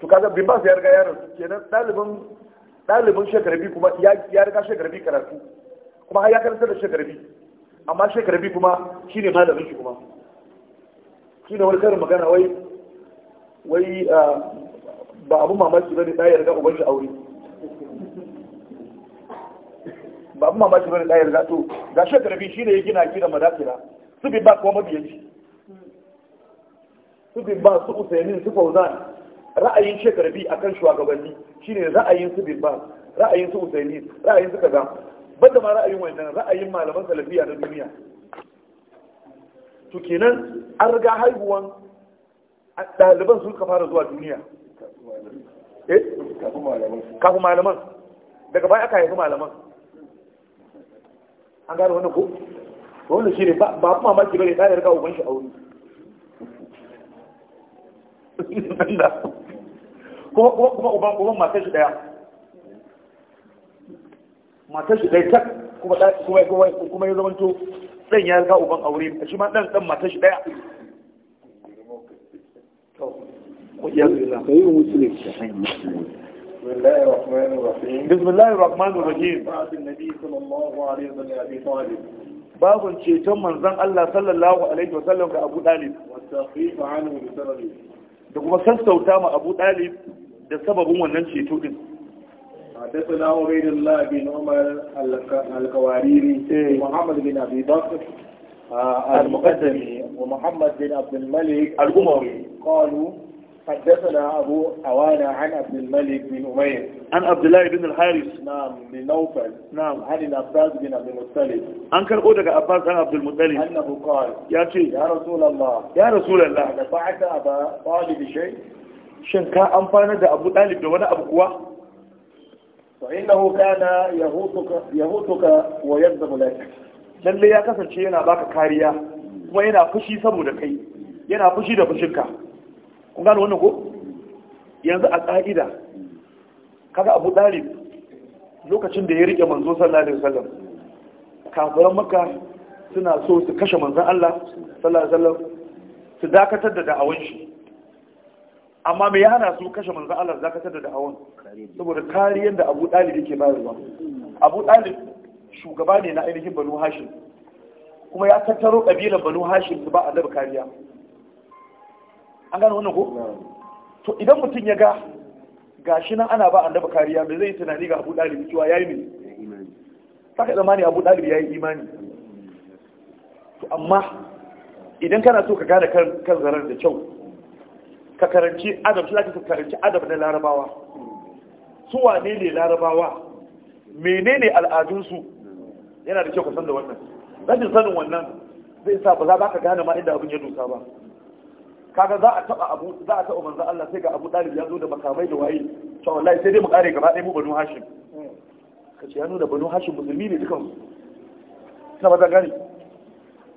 to kaga bin ba su ya riga yaron kenan ɗaliban ɗaliban shekara biyu kuma ya riga shekara biyu karatu kuma har ya karanta da shekara biyu amma shekara biyu kuma shine malamin shi kuma shine wani karin magana wai wai ah, ba abu mamaki bane ɗaya ya riga uban aure ba mu mamaki bane da yarda to ga shi garabi shi ne ya gina ki da madakira su bi ba kuma mabiyanci su bi ba su usaimin su fauzan ra'ayin shekarabi akan shugabanni shine ra'ayin su bi ba ra'ayin su usaini ra'ayin su kaza banda ma ra'ayin wannan ra'ayin malaman salafiya na duniya to kenan an riga haihuwan ɗaliban su ka fara zuwa duniya eh? kafin malaman daga baya aka haifi malaman an gane wani ko wani shi ne ba kuma mamaki bane ɗaya riga uban shi aure kuma kuma uban shi ɗaya matar shi ɗaya tak kuma kuma kuma ya zamanto ɗan ya riga uban aure shi ma ɗan dan matar shi ɗaya بسم الله الرحمن الرحيم باب النبي صلى الله عليه وسلم الله صلى الله da kuma sassauta ma abu ɗalib da sababin wannan ceto din. a tafi na wa bin umar alkawariri eh. muhammad bin abu bakar al-muqaddami حدثنا أبو أوانا عن عبد الملك بن أمير عن عبد الله بن الحارث نعم بن نوفل نعم عن العباس بن عبد المطلب عن كان قولك عباس عن عبد المطلب أنه قال يا شيخ يا رسول الله يا رسول الله نفعت أبا طالب شيء شن كان أنفانا ده أبو طالب ده وأنا أبو قوة فإنه كان يهوتك يهوتك ويكذب لك lalle ya kasance yana baka kariya kuma yana fushi saboda kai yana fushi da fushinka kun gano wannan ko yanzu a ƙa'ida kaga abu ɗalib lokacin da ya riƙe manzo sallallahu alaihi wasallam kafiran maka suna so su kashe manzon Allah sallallahu alaihi wasallam su dakatar da da'awun shi amma me yana su kashe manzon Allah su dakatar da da'awun saboda kariyar da Abu Dalib yake bayarwa Abu Dalib shugaba ne na ainihin Banu Hashim kuma ya tattaro kabilan Banu Hashim su ba annabi kariya an gane wannan ko to idan mutum ya ga gashi nan ana ba annabi kariya me zai tunani ga Abu Dalib cewa yayi ne saka zamani Abu Dalib yayi imani to amma idan kana so ka gane kan zarar da kyau ka karanci adab shi zaka karanci adab na larabawa su wane ne larabawa menene al'adunsu yana da kyau ka san da wannan rashin sanin wannan zai sa ba za ka gane ma inda abin ya dosa ba kaga za a taba abu za a taba manzo Allah sai ga Abu Dalib ya zo da makamai da waye to wallahi sai dai mu kare gaba ɗaya mu Banu Hashim kace ya nuna Banu Hashim musulmi ne dukan na ba gani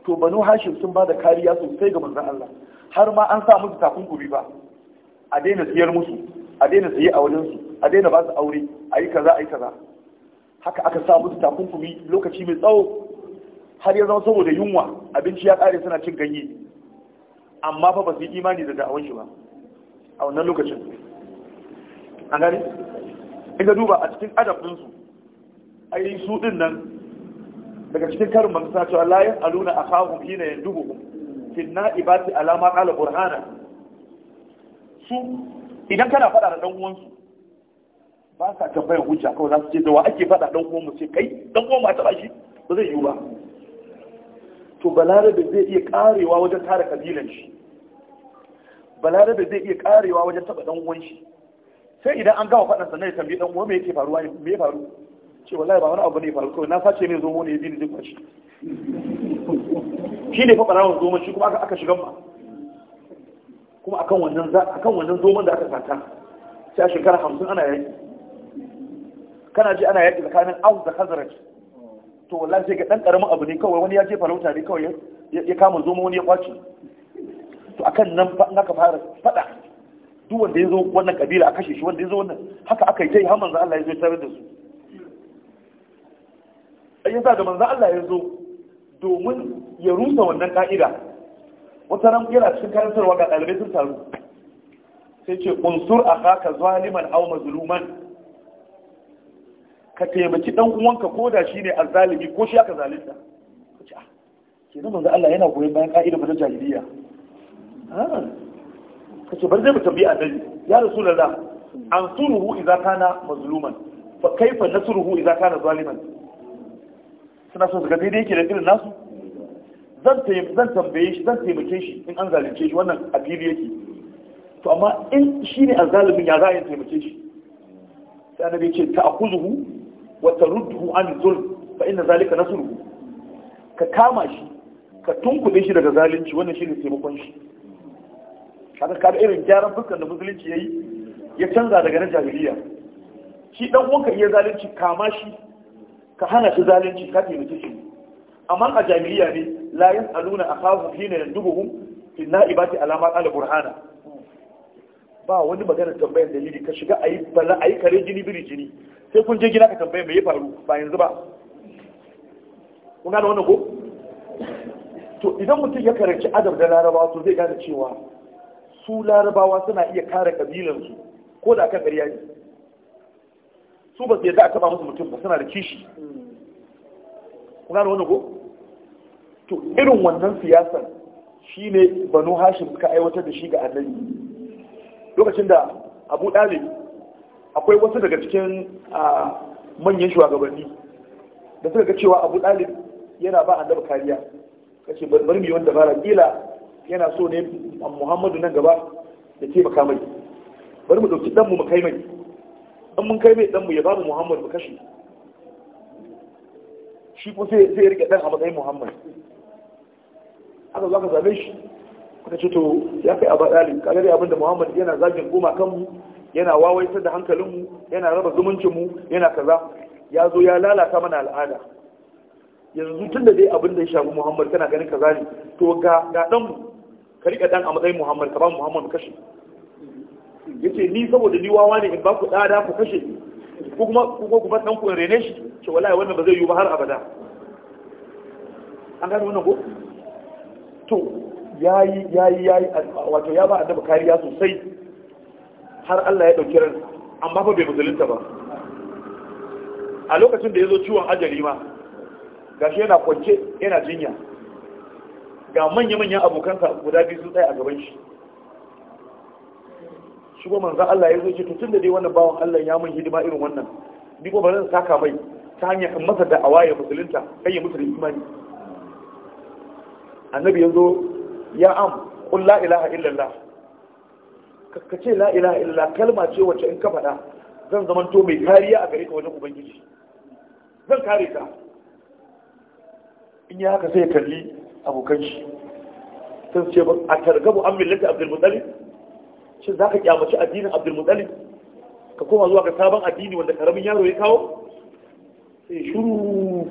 to Banu Hashim sun bada kariya sosai ga manzo Allah har ma an sa musu takunkumi ba a daina siyar musu a daina siye a wajen su a daina ba su aure a yi kaza a yi kaza haka aka sa musu takunkumi lokaci mai tsawo har ya zama saboda yunwa abinci ya kare suna cin ganye amma fa ba su yi imani da da'awar shi ba a wannan lokacin an gani in duba a cikin adabinsu ai su din nan daga cikin karin manzansa cewa la yas'aluna akhahum hina yandubuhum fi na'ibati alama qala qur'ana su idan kana faɗa da dan uwansu ba sa tambayar hujja kawai za su ce da wa ake fada dan uwan mu ce kai dan uwan ma taba shi ba zai yiwu ba to balarabe zai iya karewa wajen tara kabilan shi balarabe zai iya karewa wajen taba dan uwan shi sai idan an gama faɗan sannan ya tambayi dan uwa me yake faruwa me ya faru ce wallahi ba wani abu ne faru kawai na sace ne mu ne ya bi ni duk shi shi ne fa barawon zomo shi kuma aka shigan ma kuma akan wannan za akan wannan zomon da aka sata sai a shekara hamsin ana yaki kana ji ana yaki tsakanin aus da khazraj to wallahi sai ga dan karamin abu ne kawai wani ya je farauta ne kawai ya kama zoma wani ya kwace to akan nan an aka fara faɗa duk wanda ya zo wannan kabila a kashe shi wanda ya zo wannan haka aka yi ta yi har manzan Allah ya zo tare da su yasa da manzan Allah ya zo domin ya rusa wannan ka'ida wata ran yana cikin karantarwa ga ɗalibai sun taru sai ce unsur a haka zaliman au mazluman ka taimaki dan uwanka ko da shine azzalimi ko shi aka zalinta ke nan ah, kenan manzo Allah yana goyon bayan ka'ida ba ta jahiliya Ah. ka ce bari zai mu tambayi annabi ya rasulullah an suruhu idza kana mazluman fa kaifa nasruhu idza kana zaliman suna so su ga daidai yake da irin nasu zan tambaye shi zan taimake shi in an zalunce shi wannan a yake to amma in shine azalimin ya za a taimake shi sai annabi ce ta akuzuhu wa tarudduhu an zulm fa inna zalika nasruhu ka kama shi ka tunkuɗe shi daga zalunci wannan shine taimakon shi kada ka irin gyaran fuskar da musulunci yayi ya canza daga na jahiliya shi dan uwanka iya zalunci kama shi ka hana shi zalunci ka ce shi amma a jahiliya ne la yasaluna akahu hina yandubuhum fi ibati alama ala burhana ba wani magana tambayar dalili ka shiga ayi bala yi kare jini biri jini sai kun je gida ka tambaye mai ya faru ba yanzu ba kun gane wannan ko to idan mutum ya karanci adab da larabawa to zai gane cewa su larabawa suna iya kare kabilansu ko da aka ƙarya ne su ba su yadda aka ba musu mutum ba suna da kishi kuna da wani ko to irin wannan siyasar shine ne banu hashim suka aiwatar da shi ga annabi lokacin da abu ɗalib akwai wasu daga cikin manyan shugabanni da suka ga cewa abu ɗalib yana ba annabi kariya kace bari mu yi wanda bara kila yana so ne muhammadu nan gaba ya taimaka mai bari mu ɗauki ɗanmu mu kai mai Ɗan mun kai mai ɗanmu ya ba mu muhammadu mu kashe shi ko sai zai rike ɗan a matsayin Muhammadu. aka za ka same shi kuka ce to ya kai abu ɗalib ka dai abinda muhammad yana zagin goma kanmu yana wawaitar da hankalinmu yana raba zumuncinmu yana kaza ya zo ya lalata mana al'ada yanzu tun da dai abin da ya shafi muhammad kana ganin kaza ne to ga ga ɗanmu ka rika dan a matsayin muhammad ka ba muhammad kashe yace ni saboda ni wawa ne in ba ku tsada ku kashe ko kuma ku kuma dan ku rene shi ce wallahi wannan ba zai yi ba har abada an gano wannan ko to yayi yayi yayi wato ya ba annabi kariya sosai har Allah ya dauki ran amma fa bai musulunta ba a lokacin da ya zo ciwon ajali ma gashi yana kwance yana jinya ga manya-manyan abokansa guda biyu su tsaye a gaban shi shi kuma manzan Allah ya zoce tutun da dai wannan bawan Allah ya mun hidima irin wannan ni ko ba zan saka mai ta hanyar in masa da awaye musulunta kai yi musu da imani annabi ya zo ya am qul la ilaha illallah ka ce la ilaha illallah kalma ce wacce in ka faɗa zan zamanto mai kariya a gare ka wajen ubangiji zan kare ka in ya haka sai kalli abokan shi sun ce ba a targabu an millata abdulmutsalib shi za ka kyamaci addinin abdulmutsalib ka koma zuwa ga sabon addini wanda karamin yaro ya kawo sai shuru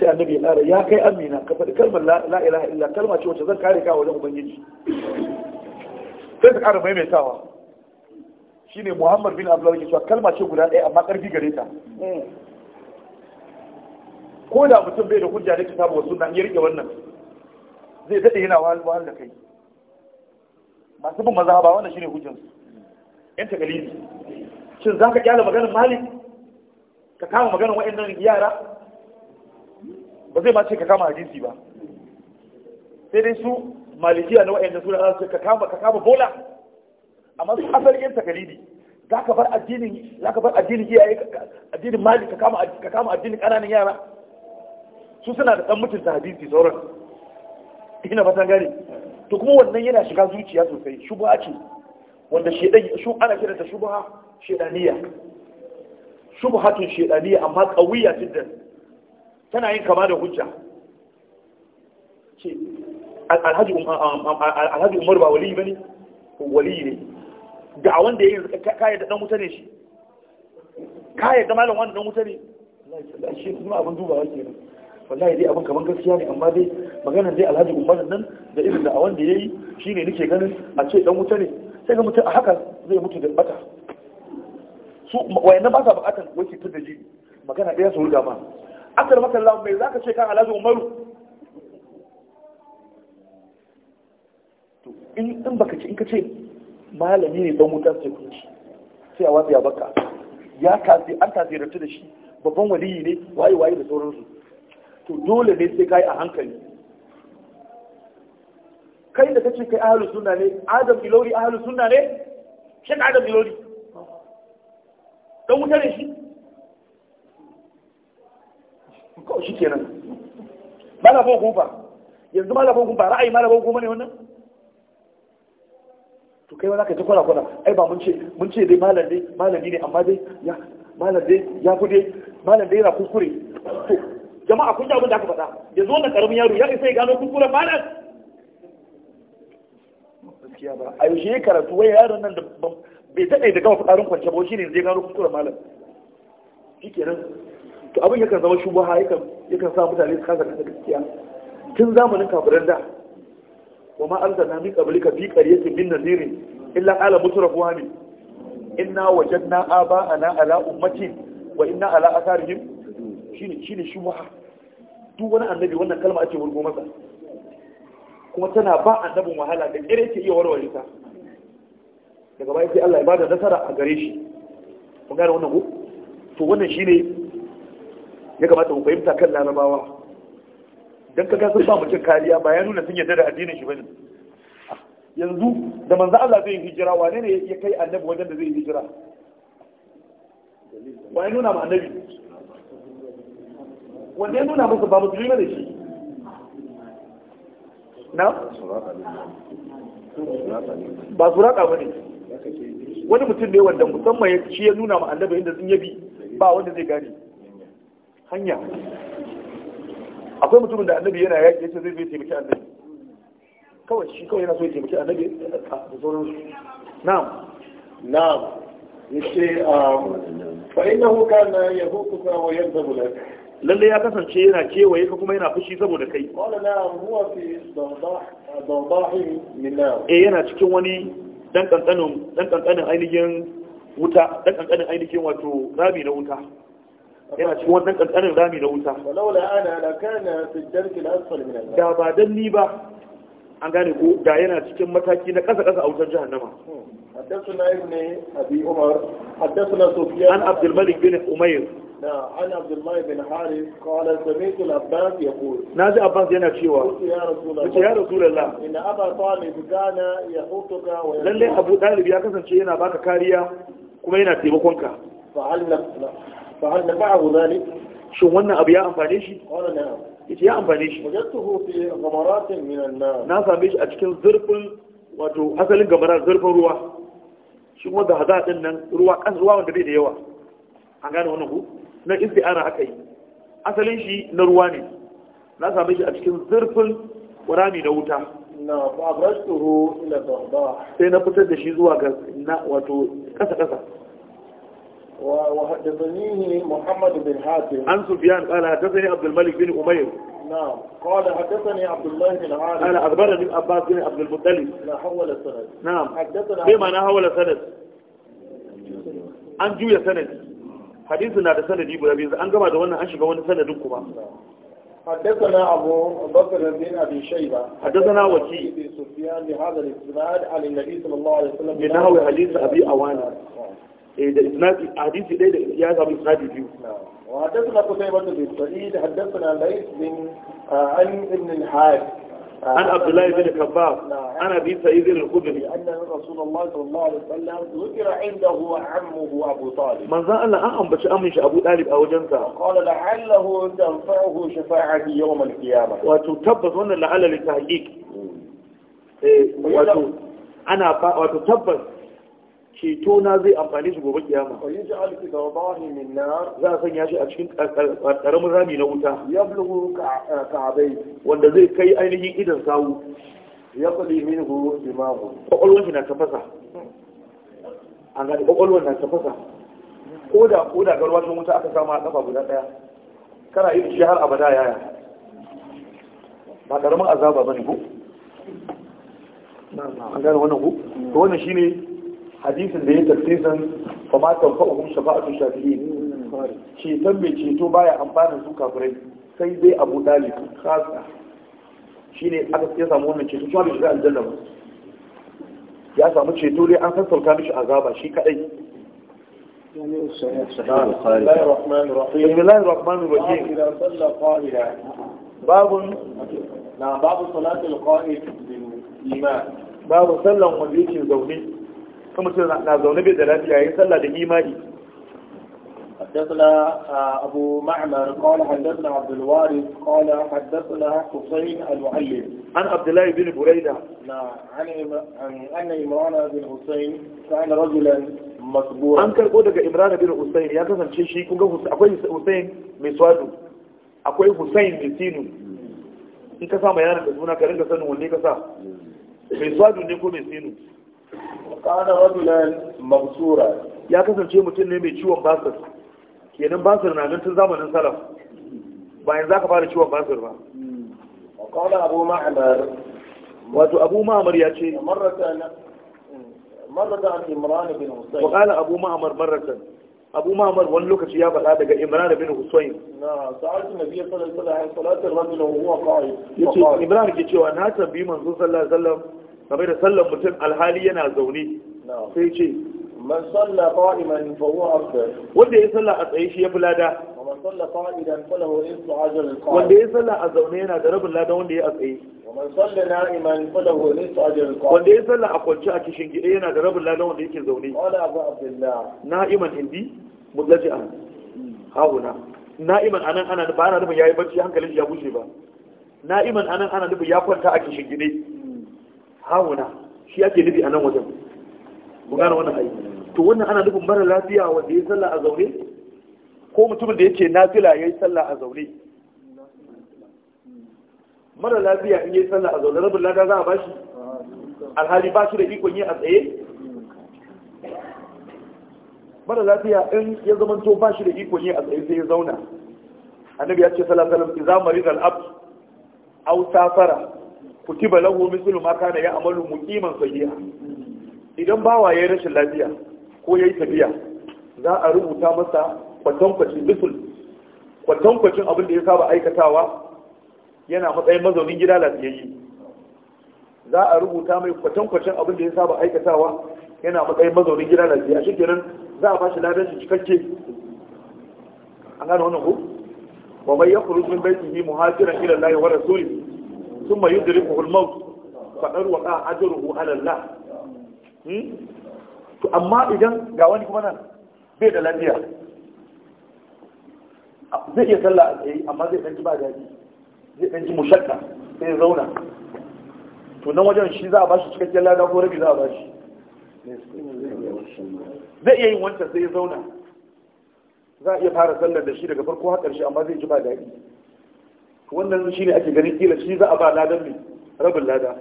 sai annabi ya tsara ya kai amina ka faɗi kalmar la ilaha illa kalma ce wacce zan kare kawo wajen ubangiji sai ta ƙara maimaitawa shine muhammad bin abdullahi ke cewa kalma ce guda ɗaya amma ƙarfi gare ta hmm. ko da mutum bai da hujja da kitabu wasu na iya wannan zai daɗe yana wahal da kai masu bin maza ba wannan shine hujjansu yan tagalibi shin za ka kyala maganar malik ka kama maganar wa'annan yara ba zai ma ce ka kama hadisi ba sai dai su malikiya na wa'annan su da su ka kama ka kama bola amma su asalin yan tagalibi za ka bar addinin za ka bar addinin iyaye addinin malik ka kama ka kama addinin kananan yara su suna da ɗan mutunta hadisi sauran ina ba san gane to kuma wannan yana shiga zuciya sosai shubha ce wanda shedan shu ana kira ta shubha shedaniya hatun shedaniya amma qawiya jiddan tana yin kama da hujja ce um, alhaji umar ba wali bane wali ne da wanda yayin kai da dan wuta ne shi kai da malam wannan ɗan wuta ne Allah ya shi kuma abin wallahi dai abin kamar gaskiya ne amma dai magana dai alhaji umar nan da irin da a wanda ya yi nake ganin a ce dan wuta ne sai ga mutu a haka zai mutu da bata su wayannan ba sa bukatan wace tun da ji magana ɗaya su ruga ma akal maka Allah mai zaka ce kan alhaji umaru to in in baka ce in ka ce malami ne dan wuta sai kunci sai a watsa ya baka ya kasi an tasirantu da shi babban waliyi ne waye waye da sauransu to dole ne sai kai a hankali kai da kace kai ahlus sunna ne adam ilori ahlus sunna ne shin adam ilori dan wuta ne shi ko shi kenan malafin kufa yanzu malafin kuma ra'ayi malafin kuma ne wannan to kai wala kai ta kwana-kwana ai ba mun ce mun ce dai malam dai malami ne amma dai ya malam dai ya fude dai malam dai yana kuskure jama'a kun ji abin da aka faɗa yanzu na karamin yaro ya isa ya gano kun malam fara ba a yaushe ya karatu wai yaron nan da bai taɗa da gama fitarin kwance ba shi ne zai gano kuskuren malam shi kenan to abin yakan zama shubaha yakan yakan sa mutane su kasa kasa gaskiya tun zamanin kafiran da wa ma arsalna min qablika fi qaryatin bin nadirin illa ne. Ina wajen inna Aba ana ala ummatin wa inna ala atharihim shine shine shubha duk wani annabi wannan kalma ake wurgo masa kuma tana ba annabin wahala da kire ke iya warware ta daga baya sai Allah ya bada nasara a gare shi kun gane wannan ko to wannan shine ya kamata mu fahimta kan larabawa dan kaga sun ba mutum kariya ba ya nuna sun yarda da addinin shi bane yanzu da manzo Allah zai hijira wane ne ya kai annabi wajen da zai hijira wai nuna ma annabi wanda ya nuna masa ba yi ne shi na ba su raka ne wani mutum ne wanda musamman ya ci ya nuna ma annabi inda sun yabi ba wanda zai gane hanya akwai mutumin da annabi yana yaki yace zai zai taimaki annabi kawai shi kawai yana so ya taimaki annabi da sauran na'am na'am yace um, fa innahu kana yahukuka wa yadhabu lak Lallai ya kasance yana kewaye ka kuma yana fushi saboda kai eh yana cikin wani dan kankanin dan kankanin ainihin wuta dan kankanin ainihin wato rami na wuta yana cikin wani dan kankanin rami na wuta walaula ana la kana fi darki al-asfal da ba dan ni ba an gane ko da yana cikin mataki na kasa kasa a wutar jahannama حدثنا ابن ابي عمر حدثنا سفيان عن Abdul الملك بن امير عن عبد الله بن حارث قال سمعت العباس يقول نازل عباس yana cewa kace ya rasulullah inna aba talib kana yahutuka wa lalle abu talib ya kasance yana baka kariya kuma yana taimakon ka fa hal nafa'ahu dhalik shin wannan abu ya amfane shi qala ya amfane shi wajadtuhu fi ghamaratin min an-nar na same shi a cikin zurfin wato asalin gamara zurfin ruwa shi wanda hada din nan ruwa kan ruwa wanda bai da yawa an gane wannan ku na isti'ara aka yi asalin shi na ruwa ne na same shi a cikin zurfin rami na wuta na babrastuhu ila bahba sai na fitar da shi zuwa ga wato kasa kasa wa wa haddathani muhammad bin hatim an sufyan qala haddathani abdul malik bin umayr نعم قال حدثني عبد الله بن عامر قال اخبرني عباس بن عبد المطلب لا حول السند نعم حدثنا بما حول السند عن جوية سند hadisi na da sanadi guda biyu an gama da wannan an shiga wani sanadin kuma حدثنا أبو بكر بن أبي شيبة حدثنا وكيع بن سفيان بهذا الإسناد عن النبي صلى الله عليه وسلم من نحو حديث أبي أوانا إذا إسناد حديث إيه يا أبي إسناد فيه وحدثنا قتيبة بن سعيد حدثنا ليث بن عن ابن الحارث عن آه. عبد الله بن كباب عن أبي سعيد الخدري أن رسول الله صلى الله عليه وسلم ذكر عنده عمه أبو طالب من ذا أن أعم بش أمش أبو طالب أو جنسا قال لعله تنفعه شفاعتي يوم القيامة وتتبس وأن لعل للتحقيق إيه وتتبس ceto na zai amfani shi gobe kiyama wa yaj'al fi dawbahi min nar za a sanya shi a cikin karamin rami na wuta yablughu eh, ka'abai wanda zai kai ainihin idan sawu yaqli minhu dimagu kokolwan shi na tafasa an ga kokolwan na tafasa ko da ko da garwashin wuta aka sama a kafa guda daya kana yi shi har abada yaya ba karamin azaba bane ko na an gane wannan ko to wannan shine hadisin da ya tafsirin kuma ta fa ma tanfa'uhum shafa'atu shafi'in ceton mai ceto baya amfanin su kafirai sai dai abu dalib kasa shine aka ya samu wannan ceto kuma bai shiga aljanna ba ya samu ceto dai an sassauta mishi azaba shi kadai بسم الله الرحمن الرحيم باب نعم باب صلاة القائد للإيمان باب صلاة وليك الزوجين kuma ce na zaune bai da lafiya yayin sallah da imani حدثنا أبو معمر قال حدثنا عبد الوارث قال حدثنا حسين المعلم عن عبد الله بن بريدة عن أن إمران بن حسين كان رجلا مصبورا عن كان قد إمران بن حسين يا كسان شيشي شيء كم أقوي حسين مسوادو أقوي حسين مسينو إن كسام يانا كسونا كرنك كسان وني كسا مسوادو نيكو مسينو kana rajulan mabsura ya kasance mutum ne mai ciwon basir kenan basir na nan tun zamanin salaf bayan zaka fara ciwon basir ba qala abu ma'mar wato abu ma'mar ya ce marratan marratan imran bin husayn wa qala abu ma'mar marratan abu ma'mar wani lokaci ya faɗa daga imran bin husayn na sa'atu nabi sallallahu alaihi wasallam salatar rajul huwa qa'id yace imran ke cewa na tambayi manzo sallallahu alaihi wasallam game da sallar mutum alhali yana zaune sai ce man salla qa'iman fa huwa afdal wanda ya salla a tsaye shi ya fi lada man qa'idan ajr al wanda ya salla a zaune yana da rabin lada wanda ya a tsaye man salla na'iman falahu nisfu ajr al wanda ya salla a kwance a kishin gida yana da rabin lada wanda yake zaune abu abdullah na'iman indi mudlaji'an hauna na'iman anan ana ba yayi bacci hankalin ya bushe ba na'iman anan ana ya kwanta a kishin gida hawuna shi ake nufi a nan wajen mu gane wannan ayi to wannan ana nufin mara lafiya wanda ya sallah a zaune ko mutumin da yake nafila yayi sallah a zaune mara lafiya in yayi sallah a zaune rabin lada za a bashi alhali ba shi da ikon yi a tsaye mara lafiya in ya zamanto ba shi da ikon yi a tsaye sai ya zauna annabi ya ce sallallahu alaihi wasallam idza marida al-abd aw safara kutiba lahu mislu ma kana ya'malu muqiman sayyi'a idan bawa yayin rashin lafiya ko yayi tafiya za a rubuta masa kwatankwacin bisul kwatankwacin abin da ya saba aikatawa yana matsayin mazaunin gida lafiyayye za a rubuta mai kwatankwacin abin da ya saba aikatawa yana matsayin mazaunin gida lafiya shi kenan za a bashi ladan shi cikakke an gano wannan ko wa bai yakhruj min baytihi muhajiran ila Allah wa rasulih ثم يدركه الموت فقد وقع أجره على الله amma idan ga wani kuma nan bai da lafiya zai iya sallah a tsaye amma zai زي ba daji zai sai ya zauna wajen shi za a bashi cikakken lada ko rabi za a bashi zai iya yin wancan sai ya zauna za a iya fara sallar da shi daga farko har ƙarshe amma zai ji ba daɗi wannan shi ne ake ganin kila shi za a ba ladan ne rabin lada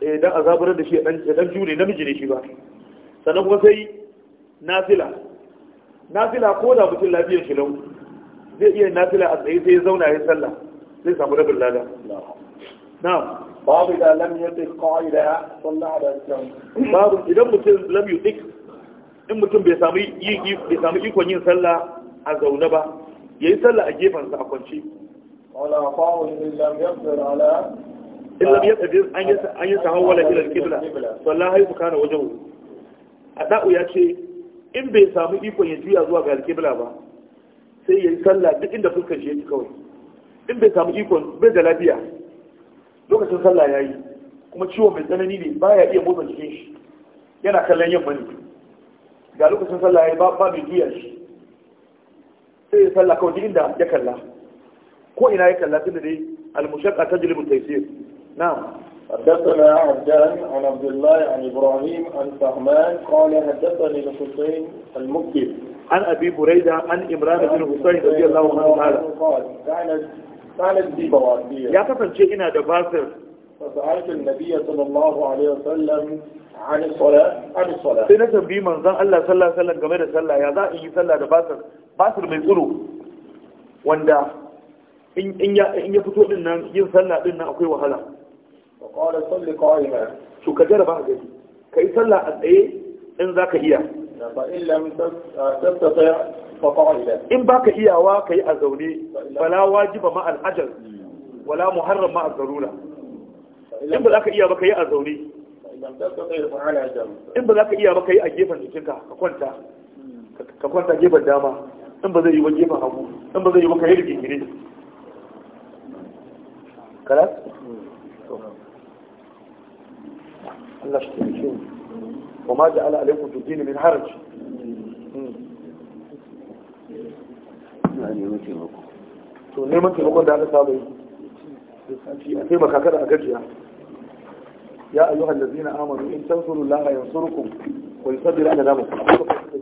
eh dan azabar da shi dan dan jure namiji ne shi ba sannan kuma sai nafila nafila ko da mutum lafiyar shi lau zai iya nafila a tsaye sai ya zauna ya sallah zai samu rabin lada na'am babu da lam yudik qa'ida sallah da jam babu idan mutum lam yudik in mutum bai samu yi bai samu ikon yin sallah a zauna ba yayi sallah a gefansa a kwance ولا طاول إن لم يقدر على إن لم يقدر أن يتحول إلى القبلة صلى حيث كان وجهه أداء يأتي in bai samu ikon ya juya zuwa ga alkibla ba sai ya yi sallah duk inda fuskar shi yake kawai in bai samu ikon bai da lafiya lokacin sallah ya yi kuma ciwon mai tsanani ne ba ya iya motsa jikin shi yana kallon yamma ne ga lokacin sallah ya yi ba mai juya shi sai ya sallah kawai duk inda ya kalla ko ina ya kalla tun da dai al-mushaqqa حدثنا عبدان عن عبد الله عن إبراهيم عن فهمان قال حدثني الحسين المكي عن أبي بريدة عن إمران بن حسين رضي الله عنه قال كانت كانت دي بواسير يا كفن شيء ده باسر فسألت النبي صلى الله عليه وسلم عن الصلاة عن الصلاة سينا تنبي من ذا الله صلى الله عليه وسلم كما يصلى يا ذا إيه صلى ده باسر باسر من قلوب وندا in ya fito din nan yin sallah din nan akwai wahala qala salli qa'ima to ka jaraba gari kai sallah a tsaye in zaka iya fa in lam tastati fa qa'ida in baka iyawa kai a zaune bala wajiba ma al-ajal wala muharram ma al-zarura in ba zaka iya ba kai a zaune in ba zaka iya ba kai a gefen jikinka ka kwanta hmm. ka kwanta gefen dama in ba zai yi wa gefen hagu in ba zai yi ba kai rigingire خلاص الله يشتركين وما جعل عليكم في الدين من حرج to neman taimakon da aka saba yi a taimaka kada a gajiya ya ayyuhan zina amanu in tansuru laha yansurukum wa yusabbir ala